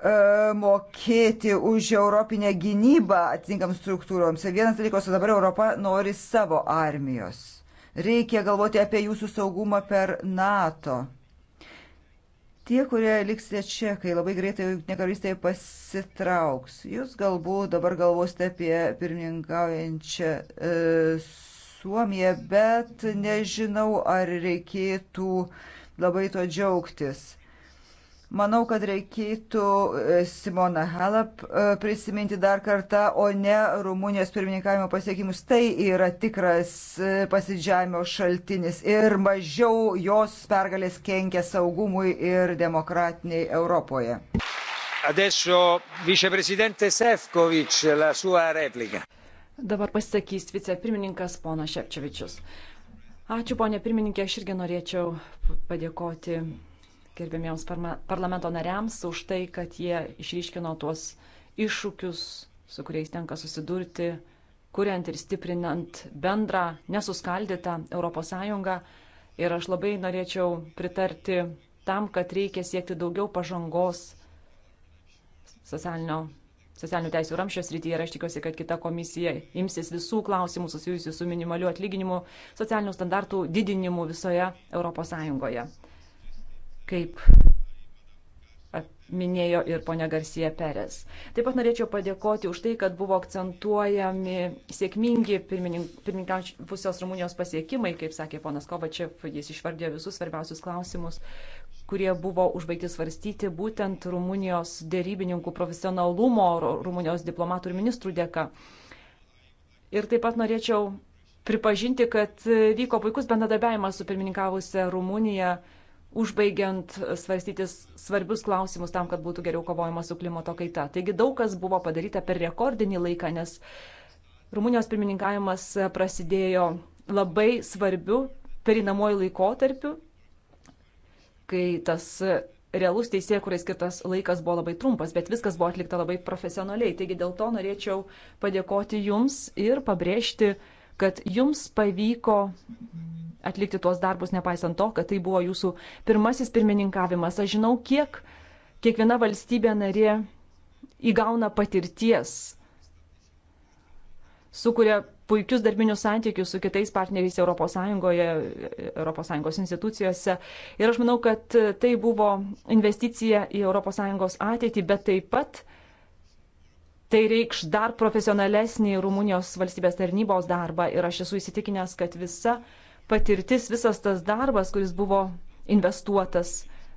E, mokėti už europinę gynybą atitinkams struktūroms. Ir vienas dalykas, o dabar Europa nori savo armijos. Reikia galvoti apie jūsų saugumą per NATO. Tie, kurie liksite čia, kai labai greitai Junktinė karalystė pasitrauks, jūs galbūt dabar galvosite apie pirmininkaujančią e, Suomiją, bet nežinau, ar reikėtų labai to džiaugtis Manau, kad reikėtų e, Simona Halep e, prisiminti dar kartą, o ne Rumunijos pirmininkavimo pasiekimus. Tai yra tikras e, pasidžiavimo šaltinis ir mažiau jos pergalės kenkia saugumui ir demokratiniai Europoje. Adesso viceprezidente Sefcovic, la sua replika. Dabar pasisakys vicepirmininkas ponas Šepčevičius. Ačiū, ponė pirmininkė, aš irgi norėčiau padėkoti gerbėmiems parlamento nariams už tai, kad jie išryškino tuos iššūkius, su kuriais tenka susidurti, kuriant ir stiprinant bendrą, nesuskaldytą ES. Ir aš labai norėčiau pritarti tam, kad reikia siekti daugiau pažangos socialinio socialinių teisų ramščios rytyje ir aš tikiuosi, kad kita komisija imsis visų klausimų susijusių su minimaliu atlyginimu, socialinių standartų didinimu visoje ES kaip minėjo ir ponia Garcija Perez. Taip pat norėčiau padėkoti už tai, kad buvo akcentuojami sėkmingi pirmininkiausios Rumunijos pasiekimai, kaip sakė ponas Kovačev, jis išvardėjo visus svarbiausius klausimus, kurie buvo užbaigti svarstyti būtent Rumunijos dėrybininkų profesionalumo, Rumunijos diplomatų ir ministrų dėka. Ir taip pat norėčiau pripažinti, kad vyko puikus bendradarbiavimas su pirmininkavusia Rumunija užbaigiant svarstyti svarbius klausimus tam, kad būtų geriau kovojama su klimato kaita. Taigi daug kas buvo padaryta per rekordinį laiką, nes Rumunijos pirmininkavimas prasidėjo labai svarbiu perinamuoju laikotarpiu, kai tas realus teisėjai, kuriai skirtas laikas buvo labai trumpas, bet viskas buvo atlikta labai profesionaliai. Taigi dėl to norėčiau padėkoti Jums ir pabrėžti, kad Jums pavyko atlikti tuos darbus, nepaisant to, kad tai buvo jūsų pirmasis pirmininkavimas. Aš žinau, kiek kiekviena valstybė narė įgauna patirties, sukuria puikius darbinius santykius su kitais partneriais ES, ES institucijose. Ir aš manau, kad tai buvo investicija į ES ateitį, bet taip pat tai reikš dar profesionalesnį Rumunijos valstybės tarnybos darbą. Ir aš esu įsitikinęs, kad visa patirtis, visas tas darbas, kuris buvo investuotas,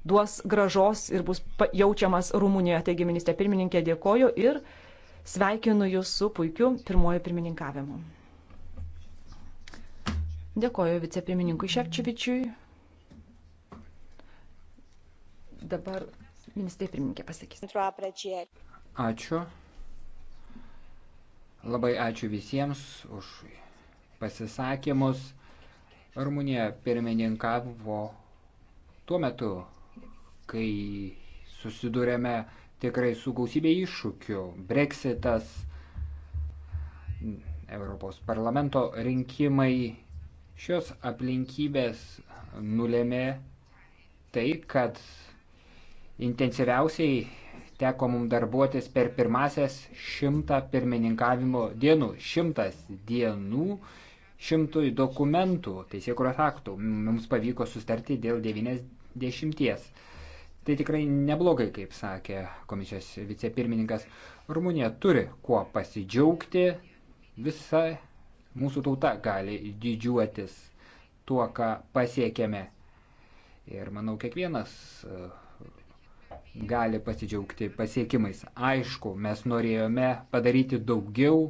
duos gražos ir bus jaučiamas Rumunijoje. Taigi, ministrė pirmininkė, dėkoju ir sveikinu Jūs su puikiu pirmoju pirmininkavimu. Dėkoju vicepirmininkui Šepčiovičiui. Dabar ministrė pirmininkė pasakys. Ačiū. Labai ačiū visiems už pasisakymus. Rumunija pirmininkavo tuo metu, kai susidurėme tikrai su gausybė iššūkių. Brexitas, Europos parlamento rinkimai, šios aplinkybės nulėmė tai, kad intensyviausiai teko mums darbuotis per pirmasias šimtą pirmininkavimo dienų. Šimtas dienų šimtui dokumentų, teisėkuros aktų. Mums pavyko sustarti dėl 90. Tai tikrai neblogai, kaip sakė komisijos vicepirmininkas. Rumunija turi kuo pasidžiaugti, visa mūsų tauta gali didžiuotis tuo, ką pasiekėme. Ir manau, kiekvienas e, gali pasidžiaugti pasiekimais. Aišku, mes norėjome padaryti daugiau,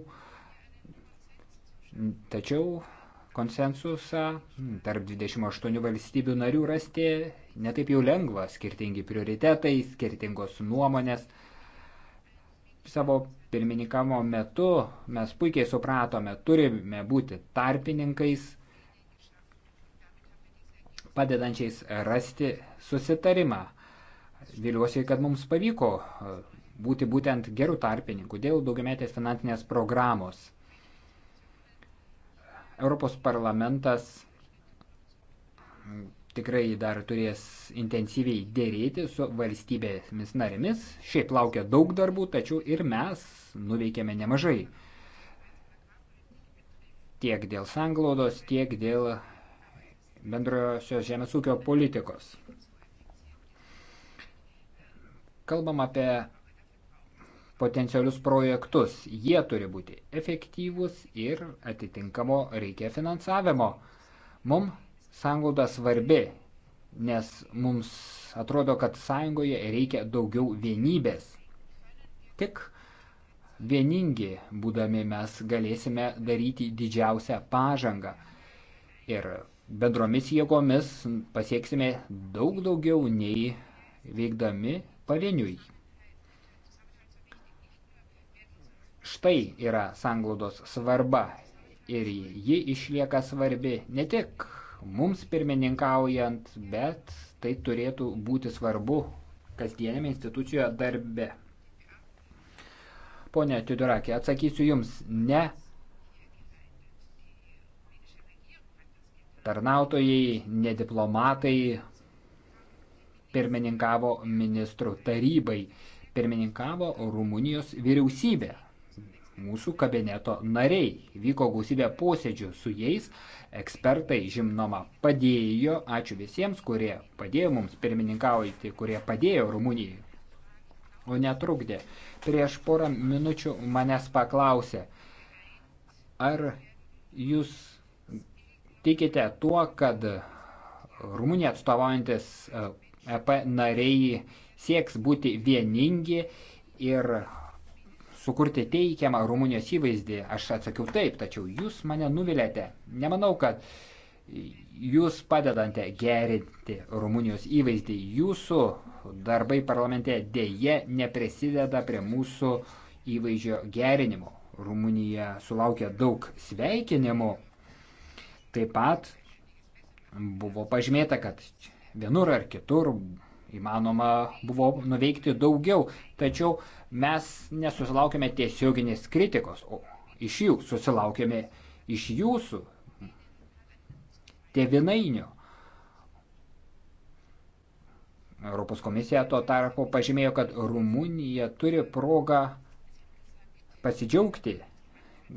Tačiau konsensusą tarp 28 valstybių narių rasti netaip jau lengva, skirtingi prioritetai, skirtingos nuomonės. Savo pirmininkamo metu mes puikiai supratome, turime būti tarpininkais, padedančiais rasti susitarimą. Viliuosi, kad mums pavyko būti būtent gerų tarpininkų dėl daugiametės finansinės programos. Europos parlamentas mm, tikrai dar turės intensyviai dėrėti su valstybėmis narėmis. Šiaip laukia daug darbų, tačiau ir mes nuveikėme nemažai. Tiek dėl sanglaudos, tiek dėl bendrosios žemės ūkio politikos. Kalbam apie potencialius projektus. Jie turi būti efektyvūs ir atitinkamo reikia finansavimo. Mums sąjungauda svarbi, nes mums atrodo, kad sąjungoje reikia daugiau vienybės. Tik vieningi būdami mes galėsime daryti didžiausią pažangą. Ir bendromis jėgomis pasieksime daug daugiau nei veikdami pavieniui. Štai yra sanglaudos svarba ir ji išlieka svarbi ne tik mums pirmininkaujant, bet tai turėtų būti svarbu kasdienėme institucijoje darbe. Pone Tudurakė, atsakysiu Jums ne. Tarnautojai, nediplomatai pirmininkavo ministrų tarybai, pirmininkavo Rumunijos vyriausybė mūsų kabineto nariai. Vyko gausybė posėdžių su jais, ekspertai žinoma padėjo, ačiū visiems, kurie padėjo mums pirmininkauti, kurie padėjo Rumunijai, o netrukdė. Prieš porą minučių manęs paklausė, ar jūs tikite tuo, kad Rumunija atstovaujantis EP e nariai sieks būti vieningi ir sukurti teikiamą Rumunijos įvaizdį. Aš atsakiau taip, tačiau jūs mane nuvilėte. Nemanau, kad jūs padedate gerinti Rumunijos įvaizdį. Jūsų darbai parlamente dėje neprisideda prie mūsų įvaizdžio gerinimo. Rumunija sulaukė daug sveikinimų. Taip pat buvo pažymėta, kad vienur ar kitur įmanoma buvo nuveikti daugiau, tačiau mes nesusilaukėme tiesioginės kritikos, o iš jų susilaukėme iš jūsų tevinainių. Europos komisija tuo tarpu pažymėjo, kad Rumunija turi progą pasidžiaugti.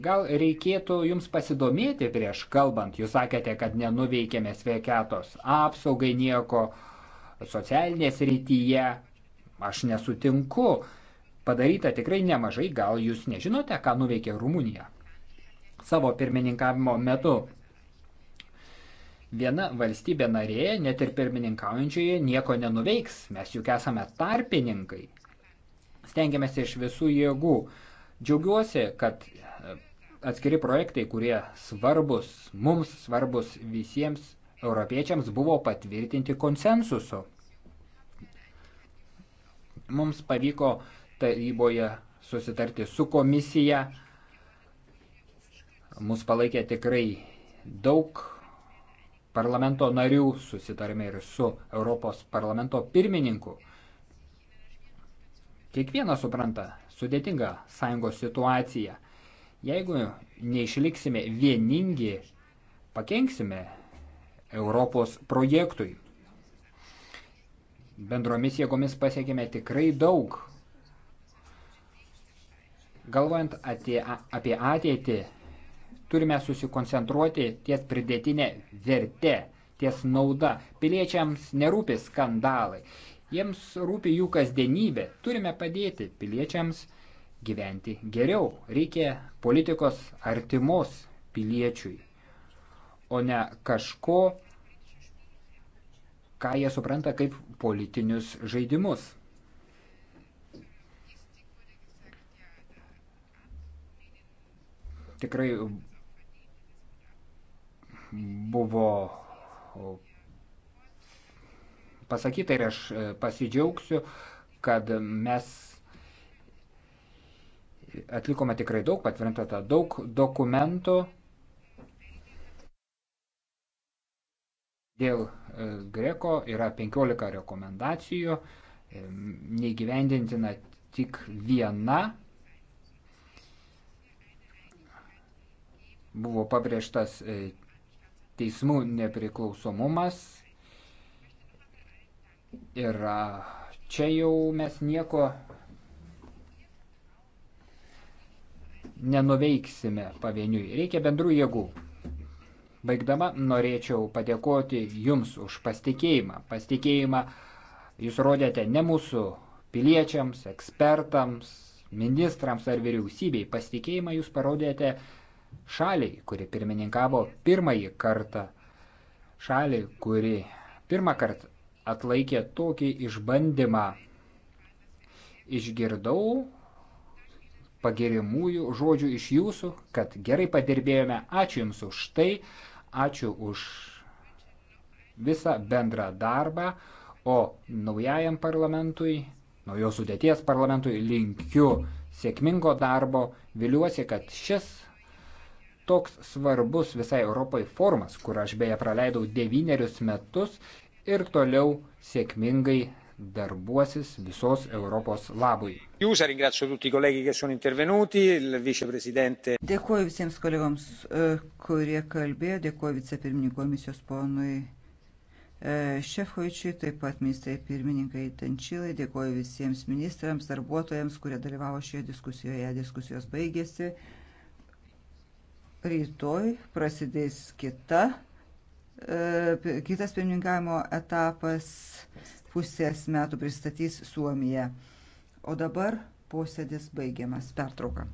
Gal reikėtų jums pasidomėti prieš kalbant, jūs sakėte, kad nenuveikėme sveikatos apsaugai nieko, uh, socialinės rytyje. Aš nesutinku. Padaryta tikrai nemažai, gal jūs nežinote, ką nuveikė Rumunija savo pirmininkavimo metu. Viena valstybė narė, net ir pirmininkaujančioje, nieko nenuveiks, mes juk esame tarpininkai. Stengiamės iš visų jėgų. Džiaugiuosi, kad e, atskiri projektai, kurie svarbus, mums svarbus visiems, europiečiams buvo patvirtinti konsensusu. Mums pavyko taryboje susitarti su komisija. Mus palaikė tikrai daug parlamento narių, susitarėme ir su Europos parlamento pirmininku. Kiekvienas supranta sudėtingą sąjungos situaciją. Jeigu neišliksime vieningi, pakenksime Europos projektui. Bendromis jėgomis pasiekėme tikrai daug. Galvojant apie, apie ateitį, turime susikoncentruoti ties pridėtinė vertė, ties nauda. Piliečiams nerūpi skandalai, jiems rūpi jų kasdienybė. Turime padėti piliečiams gyventi geriau. Reikia politikos artimos piliečiui o ne kažko, ką jie supranta kaip politinius žaidimus. Tikrai buvo pasakyta ir aš pasidžiaugsiu, kad mes atlikome tikrai daug, patvirtinta daug dokumentų Dėl e, Greko yra 15 rekomendacijų, e, neįgyvendintina tik viena. Buvo pabrėžtas e, teismų nepriklausomumas. Ir čia jau mes nieko nenuveiksime pavieniui. Reikia bendrų jėgų. Baigdama norėčiau padėkoti Jums už pasitikėjimą. Pasitikėjimą Jūs rodėte ne mūsų piliečiams, ekspertams, ministrams ar vyriausybei. Pasitikėjimą Jūs parodėte šaliai, kuri pirmininkavo pirmąjį kartą. Šaliai, kuri pirmą kartą atlaikė tokį išbandymą. Išgirdau pagirimųjų žodžių iš jūsų, kad gerai padirbėjome. Ačiū Jums už tai. Ačiū už visą bendrą darbą, o naujajam parlamentui, naujos sudėties parlamentui linkiu sėkmingo darbo, viliuosi, kad šis toks svarbus visai Europai formas, kur aš beje praleidau devynerius metus ir toliau sėkmingai darbuosis visos Europos labui. Jūs ringrazio tutti i colleghi che sono intervenuti, il viceprezidente. Dėkuoju visiems kolegoms, e, kurie kalbėjo, dėkuoju vicepirmininkų komisijos ponui e, Šefkovičiui, taip pat ministrai pirmininkai Tančilai, dėkuoju visiems ministrams, darbuotojams, kurie dalyvavo šioje diskusijoje, diskusijos baigėsi. Rytoj prasidės kita e, kitas pirmininkavimo etapas pusės metų pristatys Suomija. O dabar posėdis baigiamas. Pertrauka.